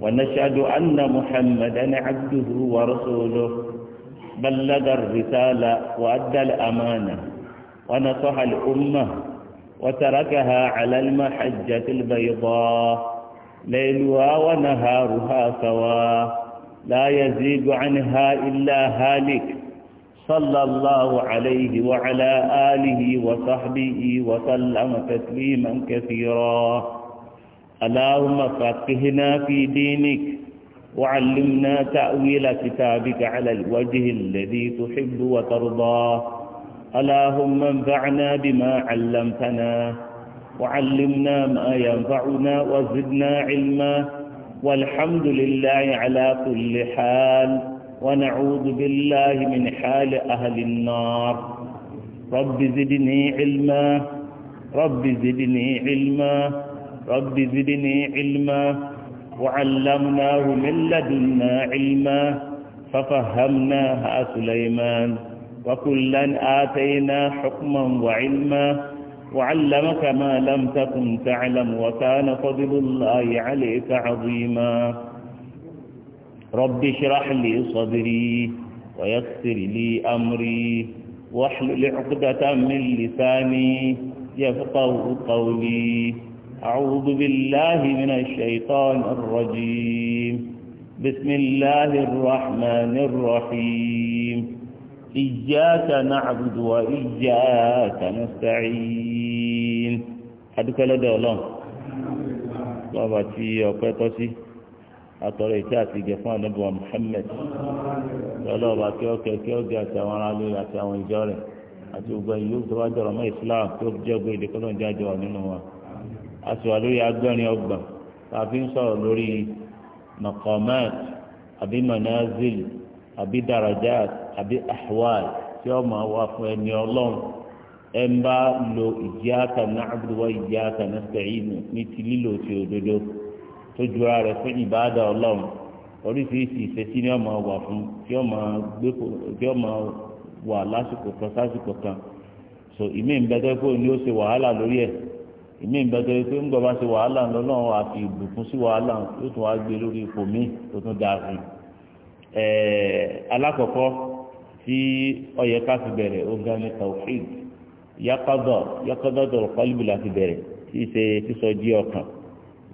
ونشهد أن محمدا عبده ورسوله بلغ الرسالة وأدى الأمانة ونصح الأمة وتركها على المحجة البيضاء ليلها ونهارها سواء لا يزيد عنها إلا هالك صلى الله عليه وعلى آله وصحبه وسلم تسليما كثيرا اللهم فقهنا في دينك وعلمنا تأويل كتابك على الوجه الذي تحب وترضى اللهم انفعنا بما علمتنا وعلمنا ما ينفعنا وزدنا علما والحمد لله على كل حال ونعوذ بالله من حال أهل النار رب زدني علما رب زدني علما رب زدني علما وعلمناه من لدنا علما ففهمناها سليمان وكلا آتينا حكما وعلما وعلمك ما لم تكن تعلم وكان فضل الله عليك عظيما رب اشرح لي صدري ويسر لي أمري واحلل عقدة من لساني يفقه قولي أعوذ بالله من الشيطان الرجيم بسم الله الرحمن الرحيم إياك نعبد وإياك نستعين أدوك لدى الله bàbá tí ọpẹ́ tọ́ sí atọrọ ìtí àti ìgẹ fún àdébùwà Muhammad lọlọba kí ọkẹ kí ọgẹ àti àwọn aráàlú àti àwọn ìjọ rẹ̀ àti gbogbo ẹ̀yìn yóò tó wá jọrọ mọ́ Islam tó jẹ gbé ìdíkọlọ ìjájọ nínú wa. a sì wà lórí agbẹ́rin ọgbọ̀n tá ń sọ̀rọ̀ lórí àbí manazil àbí darajat àbí ahwal tí ó máa wá fún ẹni ọlọ́run ẹ ń bá lo iyyaka na'budu wa iyyaka nasta'in ní ti lílo ti òdodo tó jura rẹ̀ fún ìbáàdà ọlọ́run oríṣiríṣi ìṣesí ni ọmọ wà fún tí ọmọ gbé tí ọmọ wà lásìkò kan sásìkò so ìmí ń bẹ fóònù ni ó ṣe wàhálà èmi ń bẹ̀rẹ̀ pé ń gbọ́ba ṣe wàhálà ń lọ́nà àfi ìbùkún sí wàhálà yóò tún wá gbé lórí ipò mi tó tún dáa fún un. alákọ̀ọ́kọ́ tí ọyẹ ká fi bẹ̀rẹ̀ ogan ni tawhid yakadọ̀ yakadọ̀ tọrọ kọ́líbù láti bẹ̀rẹ̀ tí í ṣe sísọ jí ọkàn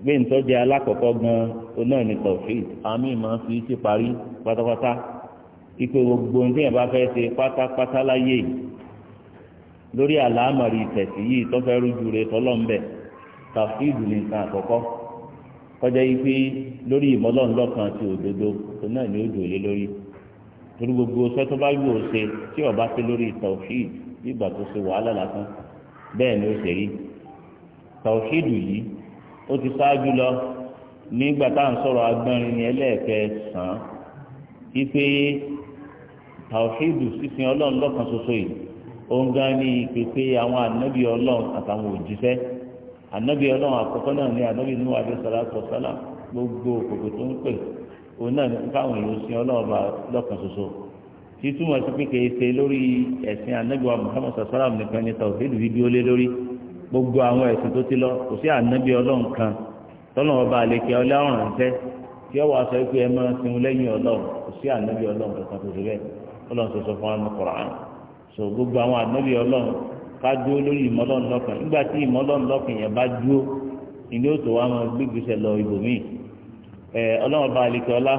gbé ntọ́jú alákọ̀ọ́kọ́ gan oná ni tawhid àmì ìmọ̀ fi ti parí pátápátá ipò gbogbo ní ẹ̀bá fẹ́ ṣe pátápátá láyé yìí lórí àlámọ̀rí ìtẹ̀sí yìí tọ́fẹ́ rújú rẹ tọ́lọ́mbẹ̀ tàfíìdù ní nǹkan àkọ́kọ́ kọjá yìí pé lórí ìmọ̀lọ́nlọ́kan ti òdodo tó náà ní òjò lé lórí torí gbogbo ọsẹ tó bá yù ó ṣe tí ọba ṣe lórí tàfíìd nígbà tó ṣe wàhálà lásán bẹ́ẹ̀ ni ó ṣe rí tàfíìdù yìí ó ti ṣáájú lọ nígbà tá à ń sọ̀rọ̀ agbọ́nrin ni ẹlẹ́ẹ̀kẹsàn-án wípé tàfíìdù sísìn ọlọ́run ṣoṣo yìí òun gan ni ìpèsè àwọn ànábì ọlọ́run àtàwọn òjíṣẹ́ ànábì ọlọ́run àkọ́kọ́ náà ni ànábì nínú àdéṣọlá tọ́sálà gbogbo òkòkò tó ń pè òun náà káwọn èèyàn sin ọlọ́run bá lọ́kàn ṣoṣo títúmọ̀ sí pé kèé ṣe lórí ẹ̀sìn ànábì wa Muhammad sàlá nìkan ni bíbí ó lé lórí gbogbo àwọn ẹ̀sìn tó ti lọ kò sí ànábì ọlọ́run kan so gbogbo àwọn ànábì ka ká dúró lórí ìmọ̀lọ́run lọ́kàn nígbà tí ìmọ̀lọ́run lọ́kàn yẹn bá dúró ilé òtò wa máa lọ ibòmíì ẹ ọlọ́run bá ọlá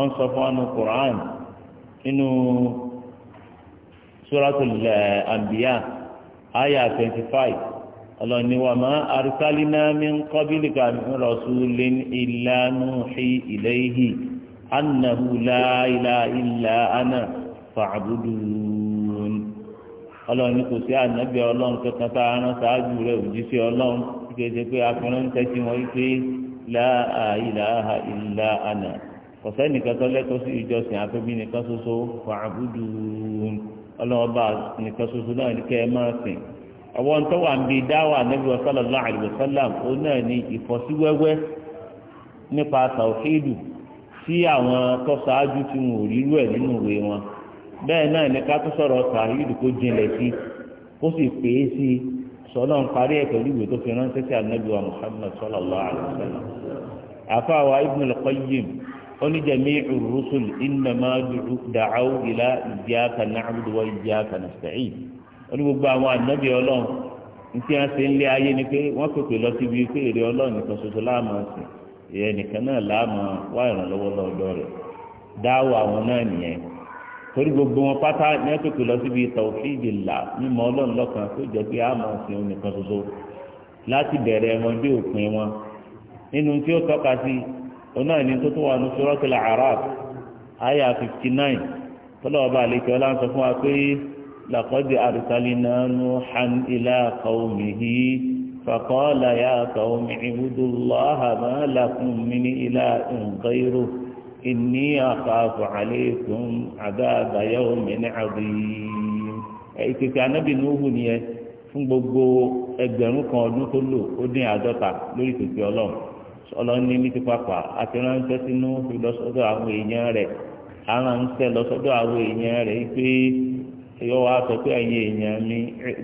ọ ń sọ fún wọn Qur'an nínú suratul anbiya aya twenty five ni ma arsalna min qablika min la ilaha illa ana ọlọ́run ní kò sí ọlọ́run kankan tá a rán ṣáájú rẹ̀ òjíṣẹ́ ọlọ́run kí ẹsẹ̀ pé akọrin ń wọn wípé láà ìlàhà àná kọ̀sẹ́ nìkan tó lẹ́tọ́ sí ìjọsìn nìkan ṣoṣo fàábùdù ọlọ́run nìkan ṣoṣo náà ní kẹ́ ẹ máa sìn ọwọ́ ń ó náà ní bẹ́ẹ̀ náà ní ká tó sọ̀rọ̀ tàhídù kó jinlẹ̀ sí kó sì pè é sí sọlọ ń parí ẹ̀ pẹ̀lú ìwé tó fi ránṣẹ́ sí sallallahu alaihi wasallam àfàwà ibn al-qayyim oníjàmíìcù rusul innama dàcáw ilá iyyaka na'budu wa iyyaka nasta'in oní gbogbo àwọn anábì ọlọ́run ntí wọn ṣe ń lé ayé ni pé wọn pèpè lọ síbi pé èrè ọlọ́run nìkan ṣoṣo láàmú torí gbogbo wọn pátá ní wọn pèpè lọ síbi tawhidillah mímọ̀ Ọlọ́run lọ́kan tó jẹ́ pé àmọ́ ọ̀sìn òun nìkan ṣoṣo láti bẹ̀rẹ̀ wọn dé òpin wọn nínú tí ó tọ́ka sí ọ̀nà ìní tó tún wà ní suratul A'raf àyà fifty nine tọ́lọ́wọ́ bá àlejò ọlá ń sọ fún wa pé laqad arsalna Nuhan ila qawmihi faqala ya qawmi ibudullaha ma lakum min ilahin ghayruhu. إني أخاف عليكم عذاب يوم عظيم ìpèsè anábì nuhu nìyẹn fún gbogbo ẹgbẹ̀rún kan ọdún tó lò ó dín àádọ́ta lórí ìpèsè ọlọ́run ọlọ́run ní ní ti àti ránṣẹ́ sínú lọ́sọ́dọ̀ àwọn èèyàn rẹ̀ aránṣẹ́ lọ́sọ́dọ̀ àwọn èèyàn rẹ̀ pé ẹ̀yọ́ wa sọ pé ẹ̀yin èèyàn mi ẹ̀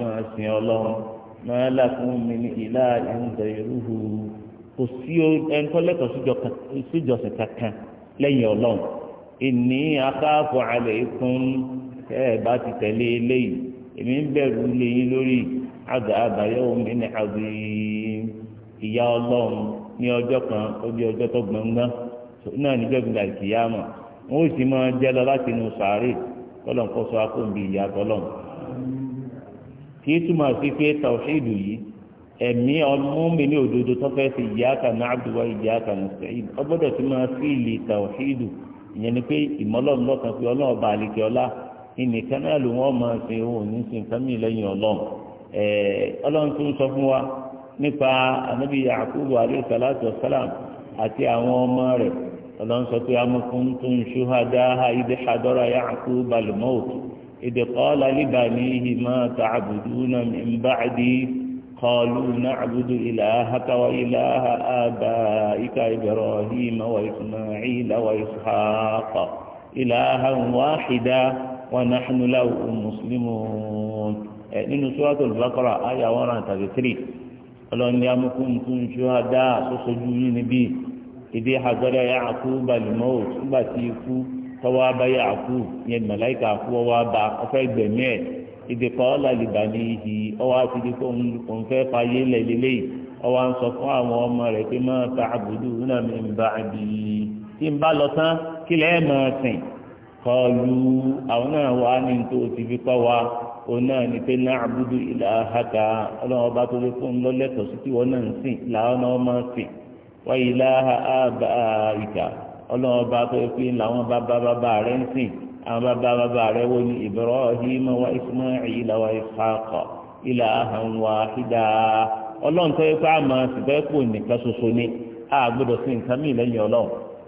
máa sin ọlọ́run máa lákùn mi ní kò sí ẹnkọ́lẹ́kọ̀ọ́ síjọsìn kankan lẹ́yìn ọlọ́run ìní akáàfọ alẹ́ ikún ẹ bá ti tẹ̀lé eléyìí èmi ń bẹ̀rù lẹ́yìn lórí àgbà àbáyọ omi ní àbí ìyá ọlọ́run ní ọjọ́ kan ó di ọjọ́ tó gbọ̀ngàn náà níjọ́ gbìyànjú àìkìyàmọ̀ wọn ò sì máa jẹ́ lọ láti inú sàárè kọ́lọ̀ ń kọ́ sọ akóńbi ìyá tọ́lọ̀ túmọ̀ sí pé yìí ẹ̀mí ọmọmìnì òdodo tó fẹ́ fi iyyaka na'budu wa iyyaka nasta'in ó gbọ́dọ̀ tí máa fi ìlì tàwọ̀hídù ìyẹn ni pé ìmọ̀lọ́run lọ́kàn pé ọlọ́run ọba ọlá máa fi òun ní sin fẹ́mi lẹ́yìn ọlọ́run ọlọ́run tó ń sọ fún wa nípa anábì Yakubu salatu wa salam àti àwọn ọmọ rẹ̀ ọlọ́run sọ pé am قالوا نعبد إلهك وإله آبائك إبراهيم وإسماعيل وإسحاق إلها واحدا ونحن له مسلمون eh, nínú suratul Baqara àyà one hundred thirty three ọlọ́ni amukuntun ṣuhada sosoju yín níbí ìdí àgọ́dá Yaquba al-maut nígbà tí ikú tọ́wọ́ abá Yaqub yẹn màláìka kú ọwọ́ abá ọfẹ́ gbẹ̀mí ẹ̀ ìdèkọ́ làlìbà ní ìhì ọwọ́ àti ìdíkọ́ òun fẹ́ fàyè lẹ́lẹ́lẹ́ yìí ọwọ́ à ń sọ fún àwọn ọmọ rẹ̀ pé máa ta àbùdù náà mi ń bá àbí tí ń bá lọ tán kí lẹ́ẹ̀ máa sìn kọlu àwọn náà wà ní tó ti fi kọ́ wa òun náà ní pé náà àbùdù ìlà àhàkà ọlọ́run ọba tó lè fún un lọ́lẹ́tọ̀ọ́ sí tí wọ́n náà ń sìn làwọn náà máa sìn wáyé àwọn bàbá bàbá rẹ̀ wọ́n ní Ibrahim wa Ismail wa Ishaq ilahan wahida ọlọ́run tó yẹ kó àmọ́ ṣùgbọ́n kò nìkan ṣoṣo ni a gbọ́dọ̀ sí nǹkan mí lẹ́yìn ọlọ́run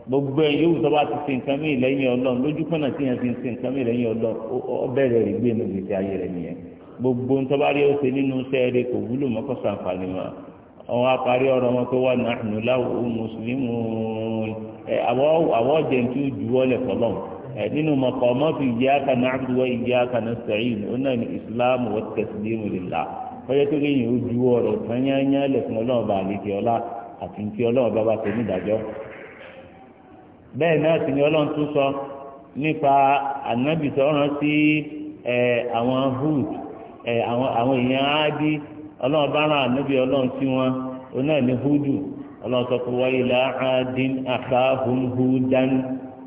gbogbo ẹ̀ yóò tó bá sí nǹkan mí lẹ́yìn ọlọ́run lójú pọ̀nà tí yẹn ti sí nǹkan mí lẹ́yìn ọlọ́run ọbẹ̀ rẹ̀ rí gbé ní ìgbésí ayé rẹ̀ nìyẹn gbogbo ń tọ́ba rí ó ṣe nínú iṣẹ́ rẹ̀ kò wúlò mọ́kọ́ sàǹfààní wọn àwọn apárí ọ̀rọ̀ wọn pé wà nahnu lahu muslimun ẹ̀ Eh, nínú maqamatu iyyaka na'budu wa iyyaka na ó ona ni islamu wa taslimu lillah ọjọ́ tó kéèyàn ó ju ọ̀rọ̀ tányányá lẹ̀ àlejò ọlá àti ti bá tó náà sì ni ọlọ́run tún sọ nípa ànábì sọ̀rọ̀ sí àwọn hood àwọn èèyàn áádí ọlọ́run bá ànábì ọlọ́run sí wọn òun náà ní húdù ọlọ́run sọ pé wáyé láàádín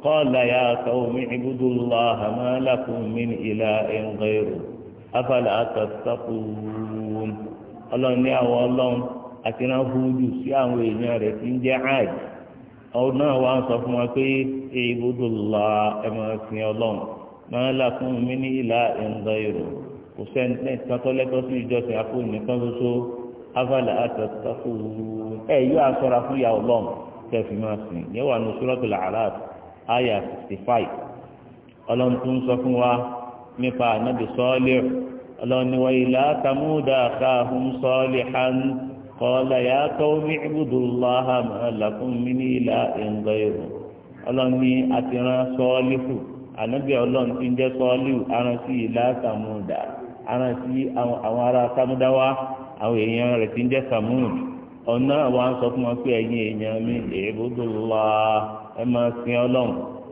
قال يا قوم اعبدوا الله ما لكم من إله غيره أفلا تتقون ọlọ́run ní àwọn ọlọ́run àti náà fúdù sí àwọn èèyàn rẹ̀ tí ń jẹ́ hajj ọ̀hún náà wá ń sọ fún wa pé èèbùdó la àyà sixty five ọlọ́run tún sọ fún wa nípa ànábì sọ́ọ́lì ọlọ́run ni wọ́n ilá tàmúdà káàhùn sọ́ọ́lì hàn kọ́ọ́lá yà tó ní ibùdókòláhà màálàkùn mí ní ilà ẹ̀ǹgọ́ ìrù ọlọ́run ni àtìrán sọ́ọ́lì fún ànábì ọlọ́run ti ń jẹ́ sọ́ọ́lì aránsì ilá tàmúdà aránsì àwọn ará tàmúdáwá àwọn èèyàn rẹ̀ ti ń jẹ́ ọ̀nà àwọn sọ fún wọn pé ẹ̀yin èèyàn mi ìbùdókòláhà. ẹ máa sin ọlọ́run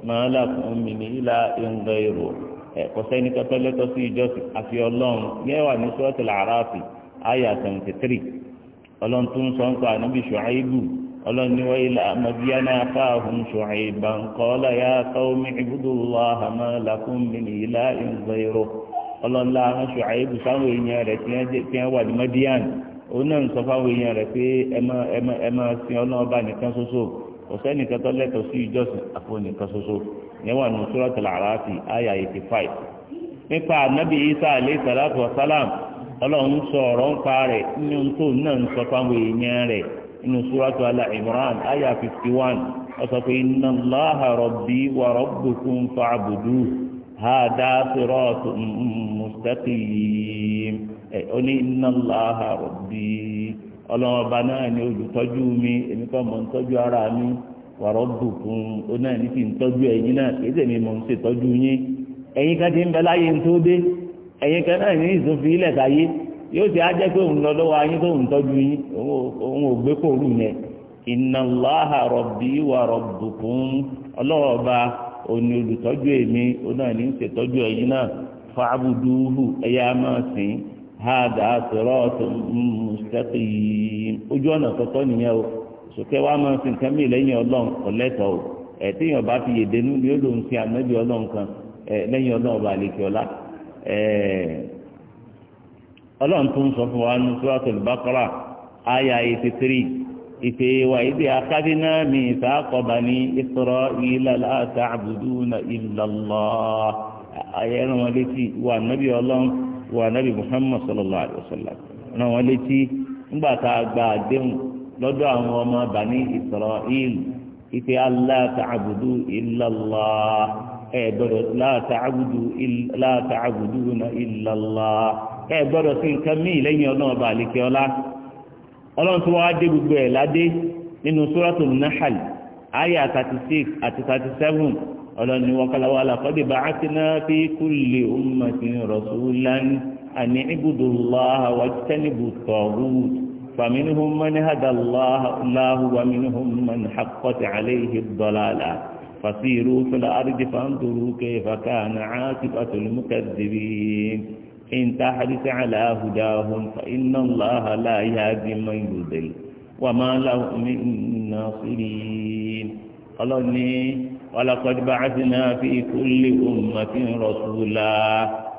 máa làkùn mi ní ìlà ìǹgà èrò ẹ̀kọ́ sẹ́ni kẹtọ́ lẹ́tọ́ sí ìjọsìn àfi ọlọ́run yẹ́ wà ní sọ́ọ̀tì làráàfì àyà seventy three ọlọ́run tó sọ ń pa ànábì ṣùáìbù ọlọ́run ní wọ́n ilà àhàmà mi ní sáwọn èèyàn tí wà ní òun náà ń sọ fáwọn èèyàn pé ẹ kò sẹ́nìkan tó lẹ́tọ̀ọ́ sí ìjọsìn àfọ̀nìkan ṣoṣo níwọ̀n ní suratul A'rafi àyà eighty five nípa ànábì Isa alayhi salatu wa salam ọlọ́run sọ ọ̀rọ̀ ń pa rẹ̀ nínú tó náà ń sọ fáwọn èèyàn rẹ̀ nínú suratul Imran àyà fifty one ó sọ pé inna Allaha rabbi wa rabbukum fa'buduhu hadha siratun mustaqim ẹ̀ ó ní inna Allaha rabbi. ọlọ́run ọba náà ni olùtọ́jú mi èmi kọ́ mọ̀ ń tọ́jú ara mi wàrọ̀ bùkún ó ní kí n tọ́jú ẹ̀yin náà kì í sèmi mọ̀ ń ṣètọ́jú yín ẹ̀yin kan ti ń bẹ láyé ń tó dé ẹ̀yin kan náà ní ilẹ̀ sáyé yóò ti á jẹ́ pé òun lọ́wọ́ ayé tó ń tọ́jú yín òun ò gbé yẹn òní olùtọ́jú èmi hada sirọ́ọ̀tù mustaqim ojú ọ̀nà tọ́tọ́ nìyẹn o sòkè wa máa ń sin nǹkan mìíràn lẹ́yìn ọlọ́run ọ̀lẹ́tọ̀ o ẹ̀ bá fi yèdè nú ni lòun sin ànábì ọlọ́run kan lẹ́yìn ọlọ́run ọba àlekè ọ̀la ọlọ́run tó ń sọ fún wa ní suratul Baqara àyà eighty three ìpè wà akadínà mi ìsàkọ̀bà ní Israila la ta'buduna illa Allah ayẹ́rùn wọn létí ànábì ọlọ́run. wa nabi muhammad sallallahu alaihi wa sallam ọ̀nà wọn létí tá a gba àdéhùn lọ́dọ̀ àwọn ọmọ bani israel allah la illallah sí nǹkan míì lẹ́yìn ọlọ́run ọba àlekè ọlá dé gbogbo ọlọ́ni wọ́kọ́láwọ́ alákọ́dé bá átìná fi kulli ummatin rasulan àní ibùdó láha wà tẹ́nibù tọ̀rù fàmínúhùn mọ́ni hadaláhu wà mínúhùn mọ́ni hakọ́tì aléhì dọ́làlà fàṣírù fúlà àrídì fàǹdùrù kẹfàkà nàá tìbàtùlù mùkàdìbì إن تحرص على هداهم فإن الله لا يهدي من يضل وما لهم من ناصرين ọlọ́ni ولقد بعثنا في كل أمة رسولا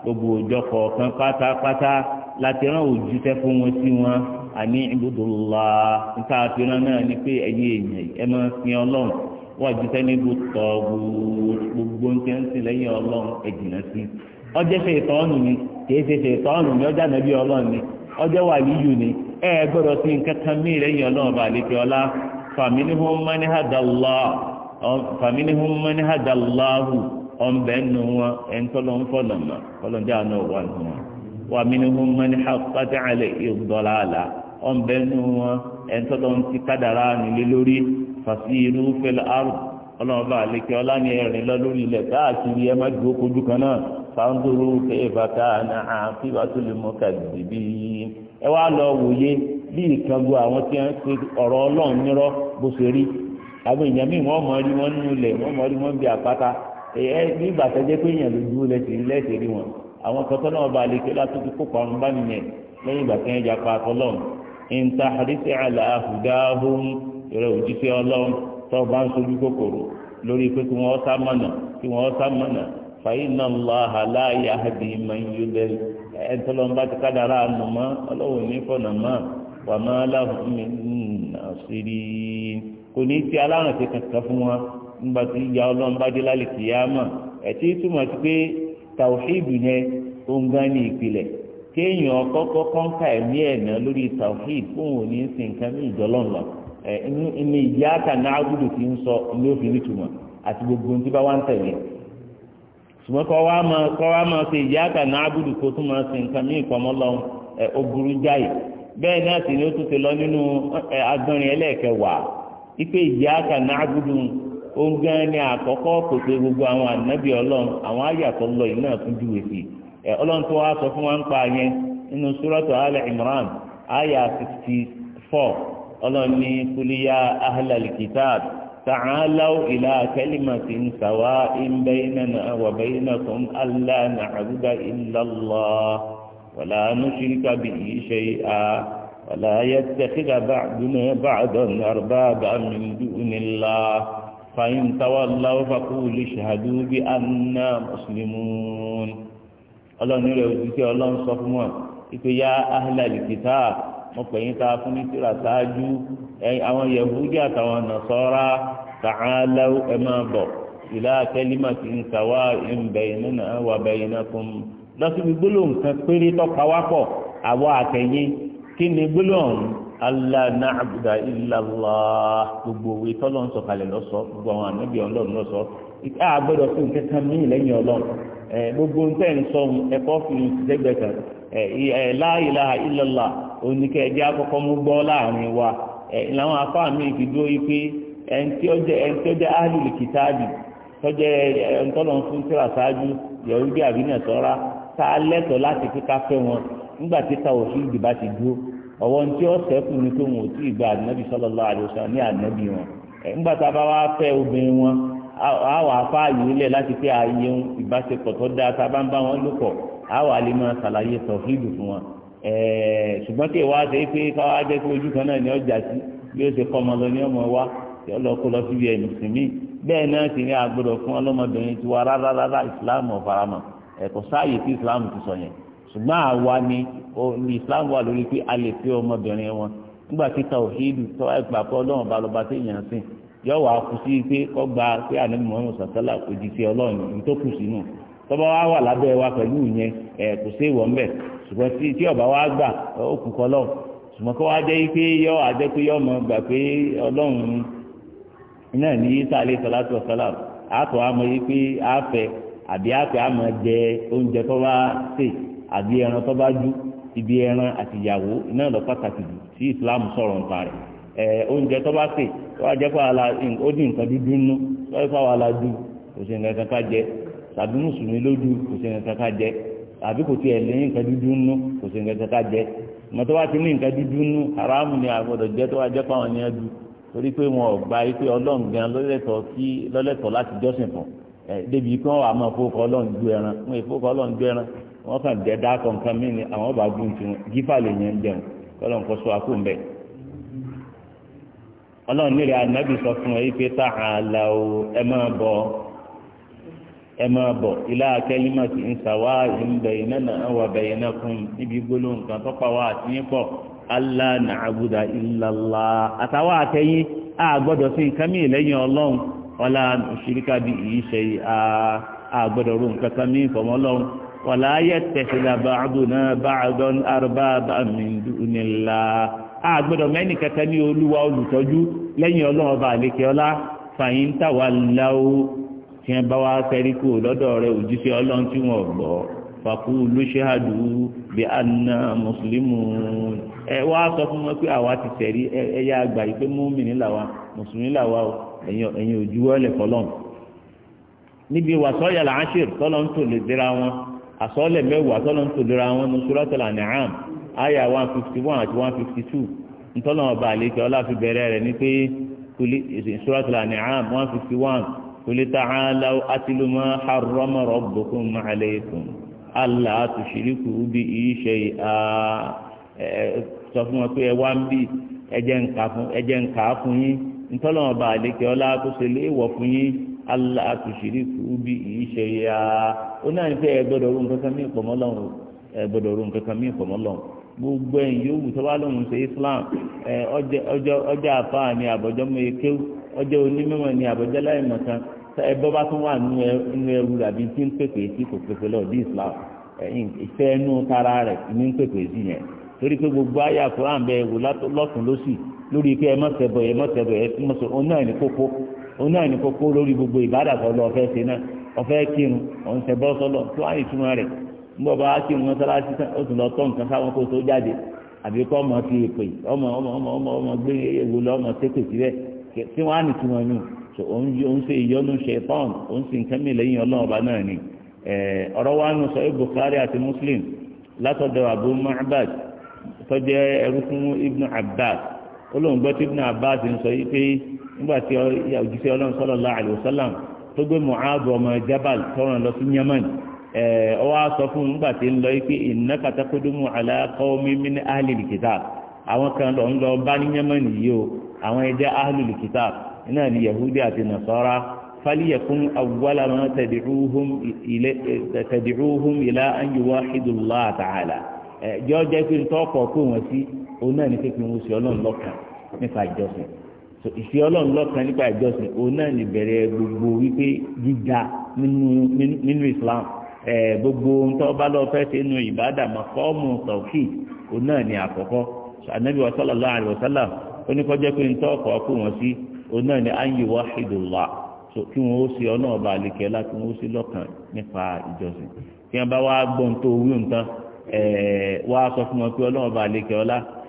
gbogbo òjọ kọ̀ọ̀kan pátápátá láti rán òjíṣẹ́ fún wọn sí wọn àní ibùdókòlá níta àfihàn náà ni pé ẹ̀yin èèyàn ẹ máa fi ọlọ́run wọ́n òjíṣẹ́ níbo tọ́ gbogbo ń tẹ́ ń sìn lẹ́yìn ọlọ́run ẹ̀jìnà sí i ọjọ́ ṣe ìtọ́nù ni kìí ṣe ṣe ìtọ́nù ni ọjà nàbí ọlọ́run ni ọjọ́ wà ni ẹ gbọ́dọ̀ sí nǹkan kan mí lẹ́yìn ọlọ́run fi ọlá fàmílì fàmílíhùn mọ́ni hàdàláhù ọ̀nbẹ́ nù wọn ẹ̀ńtọ́lọ́ ń fọ̀nà mọ́ kọ́lọ́jà náà wà nù wọn wà mílíhùn mọ́ni hàpàtà àlẹ́ ìdọ́làlà ọ̀nbẹ́ nù wọn ẹ̀ńtọ́lọ́ ń ti kádàrá nílé lórí fàṣí irú fẹ́lẹ́ àrùn ọlọ́ọ̀bá àlekẹ́ ọlá ní ẹ̀rìn lọ lórí ilẹ̀ káàkiri ẹ má dúró kojú kan náà fàǹdùrú kẹfàkà náà àfíwátúlẹ̀mọ́kà dìbí ẹ wá lọ wòye bí ìkàngbọ àwọn tí wọ́n ń pe ọ̀rọ̀ ọlọ́run nírọ́ bó ṣe rí àwọn èèyàn míì wọ́n mọ̀ rí wọn nínú ilẹ̀ wọ́n mọ̀ rí wọn bí àpáta ẹ ní ìgbà tó jẹ́ pé èèyàn ló dúró lẹ́sìn lẹ́sìn rí wọn àwọn kọ́tọ́ náà bá lè ké látó ti kópa ọ̀run bá nìyẹn lẹ́yìn ìgbà tó yẹn japa àlà òjíṣẹ́ tó bá ń sojú kòkòrò lórí pé kí wọ́n sá mọ̀nà kí wọ́n sá mọ̀nà fàyínà wà má láhùn mi nàṣírí kò ní ti kankan fún wa nígbà tí ìyá ọlọ́run bá dé lálẹ́ ẹ̀tí túmọ̀ sí pé yẹn ní ìpìlẹ̀ lórí fún òun ní sin nǹkan ní ìjọlọ́run lọ ẹni ìyá àtàná àgùdù ti ń sọ àti gbogbo ohun tí bá wá ń tẹ̀lé ṣùgbọ́n kọ́ wá máa ṣe ìyá kó tún máa sin ní ìpamọ́ lọ́wọ́ ó burú bẹ́ẹ̀ náà sì ni ó tún ti lọ nínú agbọ́nrin ẹlẹ́ẹ̀kẹwàá ipe iyyaka na'budu gan ni àkọ́kọ́ kò pé gbogbo àwọn ànábì ọlọ́run àwọn ayàtọ̀ lọ yìí náà tún júwe sí ẹ ọlọ́run tó wá sọ fún wa ń pa yẹn nínú Imran sixty four ọlọ́run ní ya ahlal kitab ta'alaw ila wa wàlá nuṣirika bihi shay'a wàlá yattakhidha ba'duna ba'dan arbaban min dunillah fa'in tawallaw faqulu ishhadu bi anna muslimun ọlọ́run rẹ̀ òṣìṣẹ ọlọ́run sọ fún wọn ìpè ya ahlal kitab wọn pè yín tá a fún ní tìrà ṣáájú àwọn yahudi àtàwọn nasara ta'alaw ẹ máa bọ̀ ila kalimatin sawa'in baynana wa baynakum. lọ́sibí gbólóhùn kan péré tọ́ka àwọ̀ kí ni gbólóhùn Allah na'budu illa gbogbo òwe tọ́lọ́ ń sọ̀kalẹ̀ lọ́sọ̀ gbogbo àwọn ànábì ọlọ́run lọ́sọ̀ a gbọ́dọ̀ fún kẹta míì lẹ́yìn ọlọ́run gbogbo nǹkan ń sọ ẹ̀kọ́ fún ìdẹ́gbẹ̀kan la akọ́kọ́ mú gbọ́ láàrin wa làwọn ó ahlul tọ́jẹ́ fún tíra ṣáájú tá a lẹ́tọ̀ọ́ láti fi ká fẹ́ wọn nígbà tí ta òfin ìdìbà ti dúró ọ̀wọ́ ní tí ó sẹ́kù ní pé wọn ò tí ì gba ànábì sallallahu alaihi wasallam ní ànábì wọn nígbà tá a bá wá fẹ́ obìnrin wọn a wà fáàyè lẹ̀ láti pé ààyè ìbáṣepọ̀ tó dáa tá a bá ń bá wọn lò pọ̀ a wà lè máa ṣàlàyé tọ̀fíìdù fún wọn ṣùgbọ́n kí ìwà ṣe pé káwá jẹ́ pé ojú kan náà ni ọjà sí bí ó ṣe kọ́ lọ ní ọmọ wa yọ lọ kó lọ síbi ẹ̀mí sí mi bẹ́ẹ̀ náà sì ní àgbọ̀dọ̀ fún ọlọ́mọbìnrin tiwa rárá rárá ìsìláàmù ọ̀faramọ̀ ẹ̀kọ́ sáàyè tí islam ti sọ yẹn ṣùgbọ́n àwa ni islam wà lórí pé a lè fi ọmọbìnrin wọn nígbà tí tawhid tọ́ ẹgbà pé ọlọ́run bá lọ́ba tí èèyàn sìn yọ wàá kú sí pé kọ́ gba pé ànábì Muhammad sàtálà kò di sí ọlọ́run ní tó kù sínú tọ́ba wa wà lábẹ́ wa pẹ̀lú ìyẹn ẹ̀ kò sí ìwọ̀ ńbẹ̀ ṣùgbọ́n tí ọba wa gbà ó kù kọ́ lọ́run ṣùgbọ́n kọ́ wa jẹ́ pé yọ àjẹ́ pé yọ mọ̀ gbà pé ọlọ́run náà ní sàlẹ̀ sàlátù ọ̀sálà àtọ̀ àmọ́ yìí pé àfẹ́ àbí àpè àmọ́ jẹ oúnjẹ tó bá sè àbí ẹran tó bá dú ibi ẹran àtìyàwó iná lọ pàtàkì jù sí islam sọ̀rọ̀ nípa rẹ̀ ẹ oúnjẹ tó bá sè tó bá jẹ́ pé àlà ó dín nǹkan dúdú nú tó bá fáwọn àlà dú kò sí nǹkan kan ká jẹ tàbí mùsùlùmí ló kò sí nǹkan ká jẹ àbí kò tiẹ̀ lé nǹkan dúdú nú kò sí nǹkan ká jẹ mọ̀tò wá ti ní nǹkan dúdú nú haramu ni àgbọ̀dọ̀ jẹ́ tó wá jẹ́ fáwọn ènìyàn dú torí pé wọn ò gba ipe ọlọ́ọ̀gán lọ́lẹ́tọ̀ọ́ láti jọ́sìn fún un Eh, débi kí wọ́n wà máa fowókọ́ ọlọ́run ju ẹran wọ́n ìfowókọ́ ọlọ́run ju ẹran wọ́n kàn jẹ́ dáàkọ̀ nǹkan mí ni àwọn ọba gún ti gífà lè yẹn ń jẹun kọ́lọ́n kọ́ sọ àkó sọ fún ẹ pé tá a là ó ẹ máa ẹ máa ń náà wà a sí nǹkan mí wala òṣìríkà bí ìyí ṣe àgbẹ̀dọ̀ ro nǹkan kan ní ìfọ̀mọ́ lọ́wọ́ wala yattakhidha ba'duna ba'dan arbaban min dunillah àgbẹ̀dọ̀ mẹ́ni kankan ní olúwa olùtọ́jú lẹ́yìn ọlọ́run ọba àlekè ọlá fàyín táwa ẹ wá sọ fún wọn pé àwa ti tẹ̀rí ẹ̀yà àgbà yìí pé mùmínì mùsùlùmí làwa ẹ̀yin òjúwọ́ lẹ̀ fọlọ́n níbi wàsọ́yà làásìr tọ́lọ́ ń tò lè dira wọn àsọ́lẹ̀ mẹ́wàá tọ́lọ́ ń tò dira wọn ní suratul an'am àyà one fifty one àti one fifty two ntọ́lọ́ ọba àlejò ọlá fi bẹ̀rẹ̀ rẹ̀ ní pé suratul an'am one fifty one kuli ta'alaw atlu ma harrama rabbukum alaykum alla tushriku bihi shay'a sọ fún wọn pé ẹ wá ń bì ẹ jẹ́ ń kà fún yín. ntọ́lọ́wọ́n bá àlékè ọlá tó ṣe léèwọ̀ fún yín allah àtúnṣírí kúbi ìṣe ya ó náà ní pé ẹ gbọ́dọ̀ rú nǹkan mí ìpọ̀mọ́ lọ́hùn ẹ gbọ́dọ̀ rú nǹkan mí gbogbo ẹ̀yìn islam ọjọ́ ni àbọ̀jọ́ mọ ọjọ́ onímọ̀ ni àbọ̀jọ́ láìmọ̀ kan bá tún wà nínú ẹrú àbí tí ń pèpè islam ìfẹ́ inú tara rẹ̀ ní ń pèpè lórí pé ẹ mọ̀sẹ̀bọ̀ ẹ mọ̀sẹ̀bọ̀ ẹ mọ̀sẹ̀ òun náà ní kókó òun náà ní kókó lórí gbogbo ìbádàtọ̀ lọ ọ̀fẹ́ ṣe náà ọ̀fẹ́ kírun òun ṣẹ̀ bọ́ sọ́lọ̀ tó wà ní ìtumọ̀ rẹ̀ ńgbọ́ bá wá kírun mọ́sálásí ó sì lọ tọ́ nǹkan sáwọn kó tó jáde àbí kọ́ ọmọ fi èpè ọmọ ọmọ ọmọ ọmọ ọmọ gbé ewu lọ ọmọ tẹ́kẹ̀ síbẹ̀ tí wọ́n á ní nù òun ṣe ṣe ni olóhùn gbọ́ tí Ibn Abbas ń sọ yìí pé nígbà tí òjíṣẹ́ ọlọ́run sallallahu alaihi wasallam tó gbé Mu'adh ọmọ Jabal tọrọ lọ sí Yaman ó wá sọ fún nígbà tí ń lọ yìí pé innaka taqudumu ala qawmin min ahlil kitab àwọn kan lọ ń lọ bá ní Yaman yìí o àwọn ẹja ahlul kitab náà ni Yahudi àti Nasara falyakun awwala ma tad'uhum eh, ila an yuwahidu Allah ta'ala jọ́ọ́ jẹ́ pé ń tọ́ ọkọ̀ kó wọn sí òun náà ní pé kí n wo sí ọlọ́run lọ́kàn nípa ìjọsìn so ìfi ọlọ́run lọ́kàn nípa ìjọsìn òun náà ní bẹ̀rẹ̀ gbogbo wípé gíga nínú Islam gbogbo ntọ́ bá lọ fẹ́ ṣe nu ìbádà mọ́kọ́mù tọ̀kì òun náà ní àkọ́kọ́ anabi wa sallallahu alayhi wa sallam oníkọ́jẹ́ pé ntọ́ ọkọ̀ ọkù wọn sí òun náà ní ayé wa ṣìdùlá so kí wọn ó ṣe ọlọ́run ọba àlekẹ́ lá kí wọn ó ṣe lọ́kàn nípa ìjọsìn kí wọn bá wá gbọ́n tó wíwọ̀n tán wá sọ fún wọn pé ọlọ́run ọba àlekẹ́ ọlá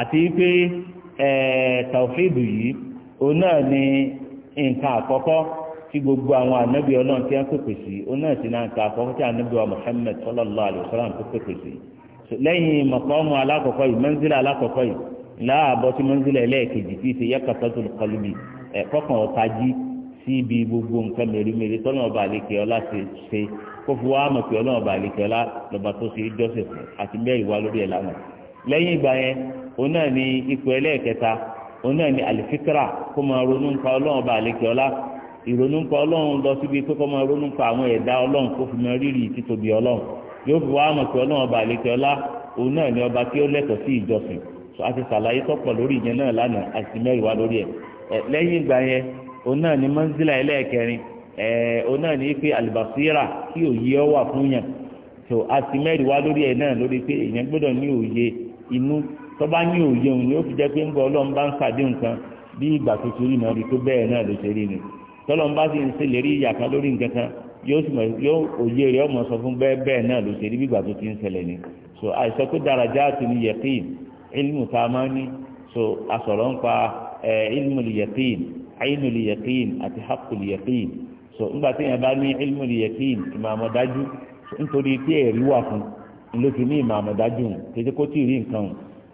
àti pé tàwọ́fíìdù yìí òun náà ni nǹkan àkọ́kọ́ tí gbogbo àwọn ànábì ọlọ́run tí wọ́n pèpè sí òun náà sì náà nǹkan àkọ́kọ́ tí ànábì wa Muhammad sallallahu alaihi wasallam tó pèpè sí lẹ́yìn mọ̀kànmọ́ alákọ̀ọ́kọ́ yìí mọ́nzílà alákọ̀ọ́kọ́ yìí láàbọ̀ tí mọ́nzílà ẹlẹ́ẹ̀kejì tí ì ṣe yẹ́kàtọ́tò kọlùbì ẹ̀kọ́kàn ọ̀tají sí ibi gbogbo nǹkan mèremère tọ́nà ọba àlekè ọlá ṣe ṣe kó fi wá mọ̀ pé ọlọ́run ọba àlekè ọlá lọ́ba tó ṣe jọ́sẹ̀ fún àti bẹ́ẹ̀ ìwá lórí ẹ̀ lánàá lẹ́yìn ìgbà yẹn òun náà ni ipò ẹlẹ́ẹ̀kẹta o náà ni àlìfíkírà kó máa ronú ọlọ́run bá lọ síbi pé kó máa ronú àwọn ẹ̀dá ọlọ́run kó fi máa ọba àlekè ọlá òun ni ọba tí ó lẹ́tọ̀ọ́ sí ìjọsìn àti sàlàyé tọ́pọ̀ lórí ìyẹn náà lánàá àti mẹ́rin wá lórí ẹ̀ lẹ́yìn ìgbà yẹn ni ẹlẹ́ẹ̀kẹrin kí òye ọ wà fún yàn a ti mẹ́rin wá lórí ẹ̀ náà lórí pé gbọ́dọ̀ ní òye inú tọ́ba ní òye òun ni ó fi jẹ́ pé ń gbọ́ ọlọ́run bá ń pàdé nǹkan bí ìgbà tó torí náà rí tó bẹ́ẹ̀ náà ló rí ni tọ́lọ́run bá sì ń ṣe lérí ìyàkan lórí nǹkan kan yóò sì mọ̀ yóò òye rẹ̀ ọmọ sọ so àìsàn daraja ní yẹ̀kín ilmu tá so ń pa ilmu yẹ̀kín yẹ̀kín àti so tí yẹn bá ní ilmu yẹ̀kín nítorí pé ẹ̀rí wà fún ní kó tí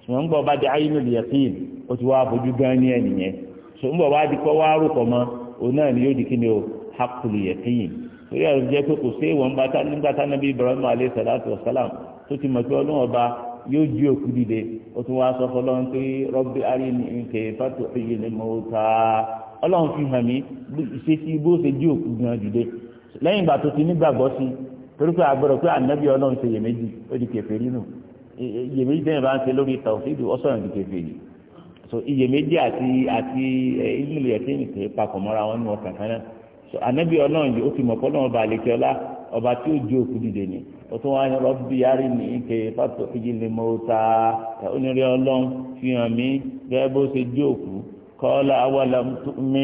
ṣùgbọ́n gbọ́ bá di ayélu yẹ̀kín ó ti wá fojú gan ní ẹnìyẹn ṣùgbọ́n gbọ́ bá di kọ́ wá rúkọ̀ mọ́ òun náà ni yóò di kíni o hakulu yẹ̀kín torí ẹ̀rọ jẹ́ pé kò sí ìwọ̀n nígbà tá nàbí Ibrahim alayhi salatu wa salam tó ti mọ̀ pé ọlọ́run ọba yóò jí òkú dìde ó tún wá sọ fọlọ́run pé rọ́bì arìnrìn nǹkẹ́ fatu iye ni mo ta ọlọ́run fi hàn mí ṣe bó ṣe jí òkú gan dìde lẹ́yìn ìgbà tó ti nígbàgbọ́ sí torí pé àgbọ̀rọ̀ pé ànábì ọlọ́run ṣe yèméjì ó di kẹfẹ́ nínú iyèméjì tẹ́yìn bá ń ṣe lórí tàwọ́fíìdì ọ̀sán ìdí kẹfìrì so iyèméjì àti àti ìmùlẹ̀ ẹ̀kẹ́ nìkẹ́ papọ̀ mọ́ra wọn ní wọn kankan náà so anabi ọlọ́run yìí ó ti mọ̀ pé ọlọ́run ọba àlekẹ́ ọlá ọba tí ó ju òkú dìde ni ó tún wá yọ lọ́bí yárí ní ike fásitì ìjì lè mọ ta onírè ọlọ́run fi hàn mí gẹ́gẹ́ bó ṣe ju òkú kọ́ ọ́ awọ́lá mi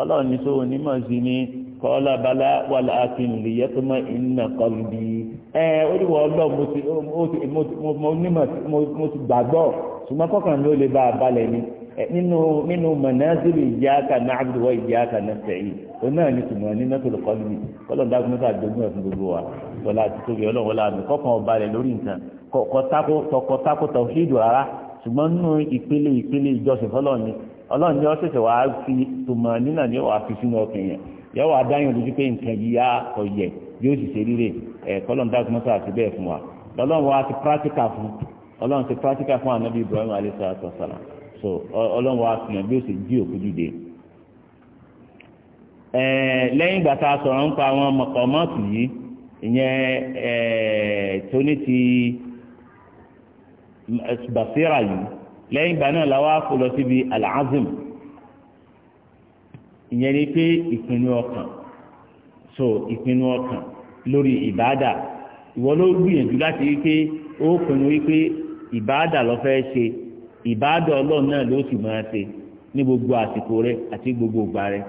ọlọ́run ní onímọ̀ sí ni kọ́lá bala wàlá akin lè yẹtọ́mọ́ ìnà kọ́lùbí ẹ oríwọ̀ ọlọ́ọ̀ mo ti gbàgbọ́ ṣùgbọ́n kọ́kàn mi ò lè bá a balẹ̀ ni nínú nínú mọ̀nàzìrì iyyaka na'budu wa iyyaka nasta'in òun náà ni tùmọ̀ ní mẹ́tòlù kọ́lùbí kọ́lọ̀ dákun mẹ́ta àdógún ẹ̀fún gbogbo wa wọlá àti tóbi ọlọ́run wọlá àmì kọ́kàn ọba rẹ̀ lórí nǹkan kọ́ wàá fi tùmọ̀ nínà ni wàá fi sínú ọkàn yẹn yọ wà dáyọ̀ lójú pé nǹkan yìí á ọ̀yẹ̀ yóò sì ṣe rírè ẹ̀ kọ́lọ́n dákun mọ́tò àti bẹ́ẹ̀ fún wa ọlọ́run wa ti practical fún ọlọ́run ti practical fún anabi ibrahim alayhi salatu wa salam so ọlọ́run wa fi hàn bí ó sì jí òkú dìde lẹ́yìn ìgbà tá a sọ̀rọ̀ ń pa àwọn mọ̀kànmọ́tò yìí ìyẹn tó ní ti basira yìí lẹ́yìn ìgbà náà la wá fò lọ síbi al ìyẹn ni pé ìpinnu ọkàn so ìpinnu ọkàn lórí ìbáàdà ìwọ ló gbìyànjú láti rí pé ó pinnu wípé ìbáàdà lọ fẹ́ ṣe ìbáàdà ọlọ́run náà ló sì máa ṣe ní gbogbo àsìkò rẹ àti gbogbo ìgbà rẹ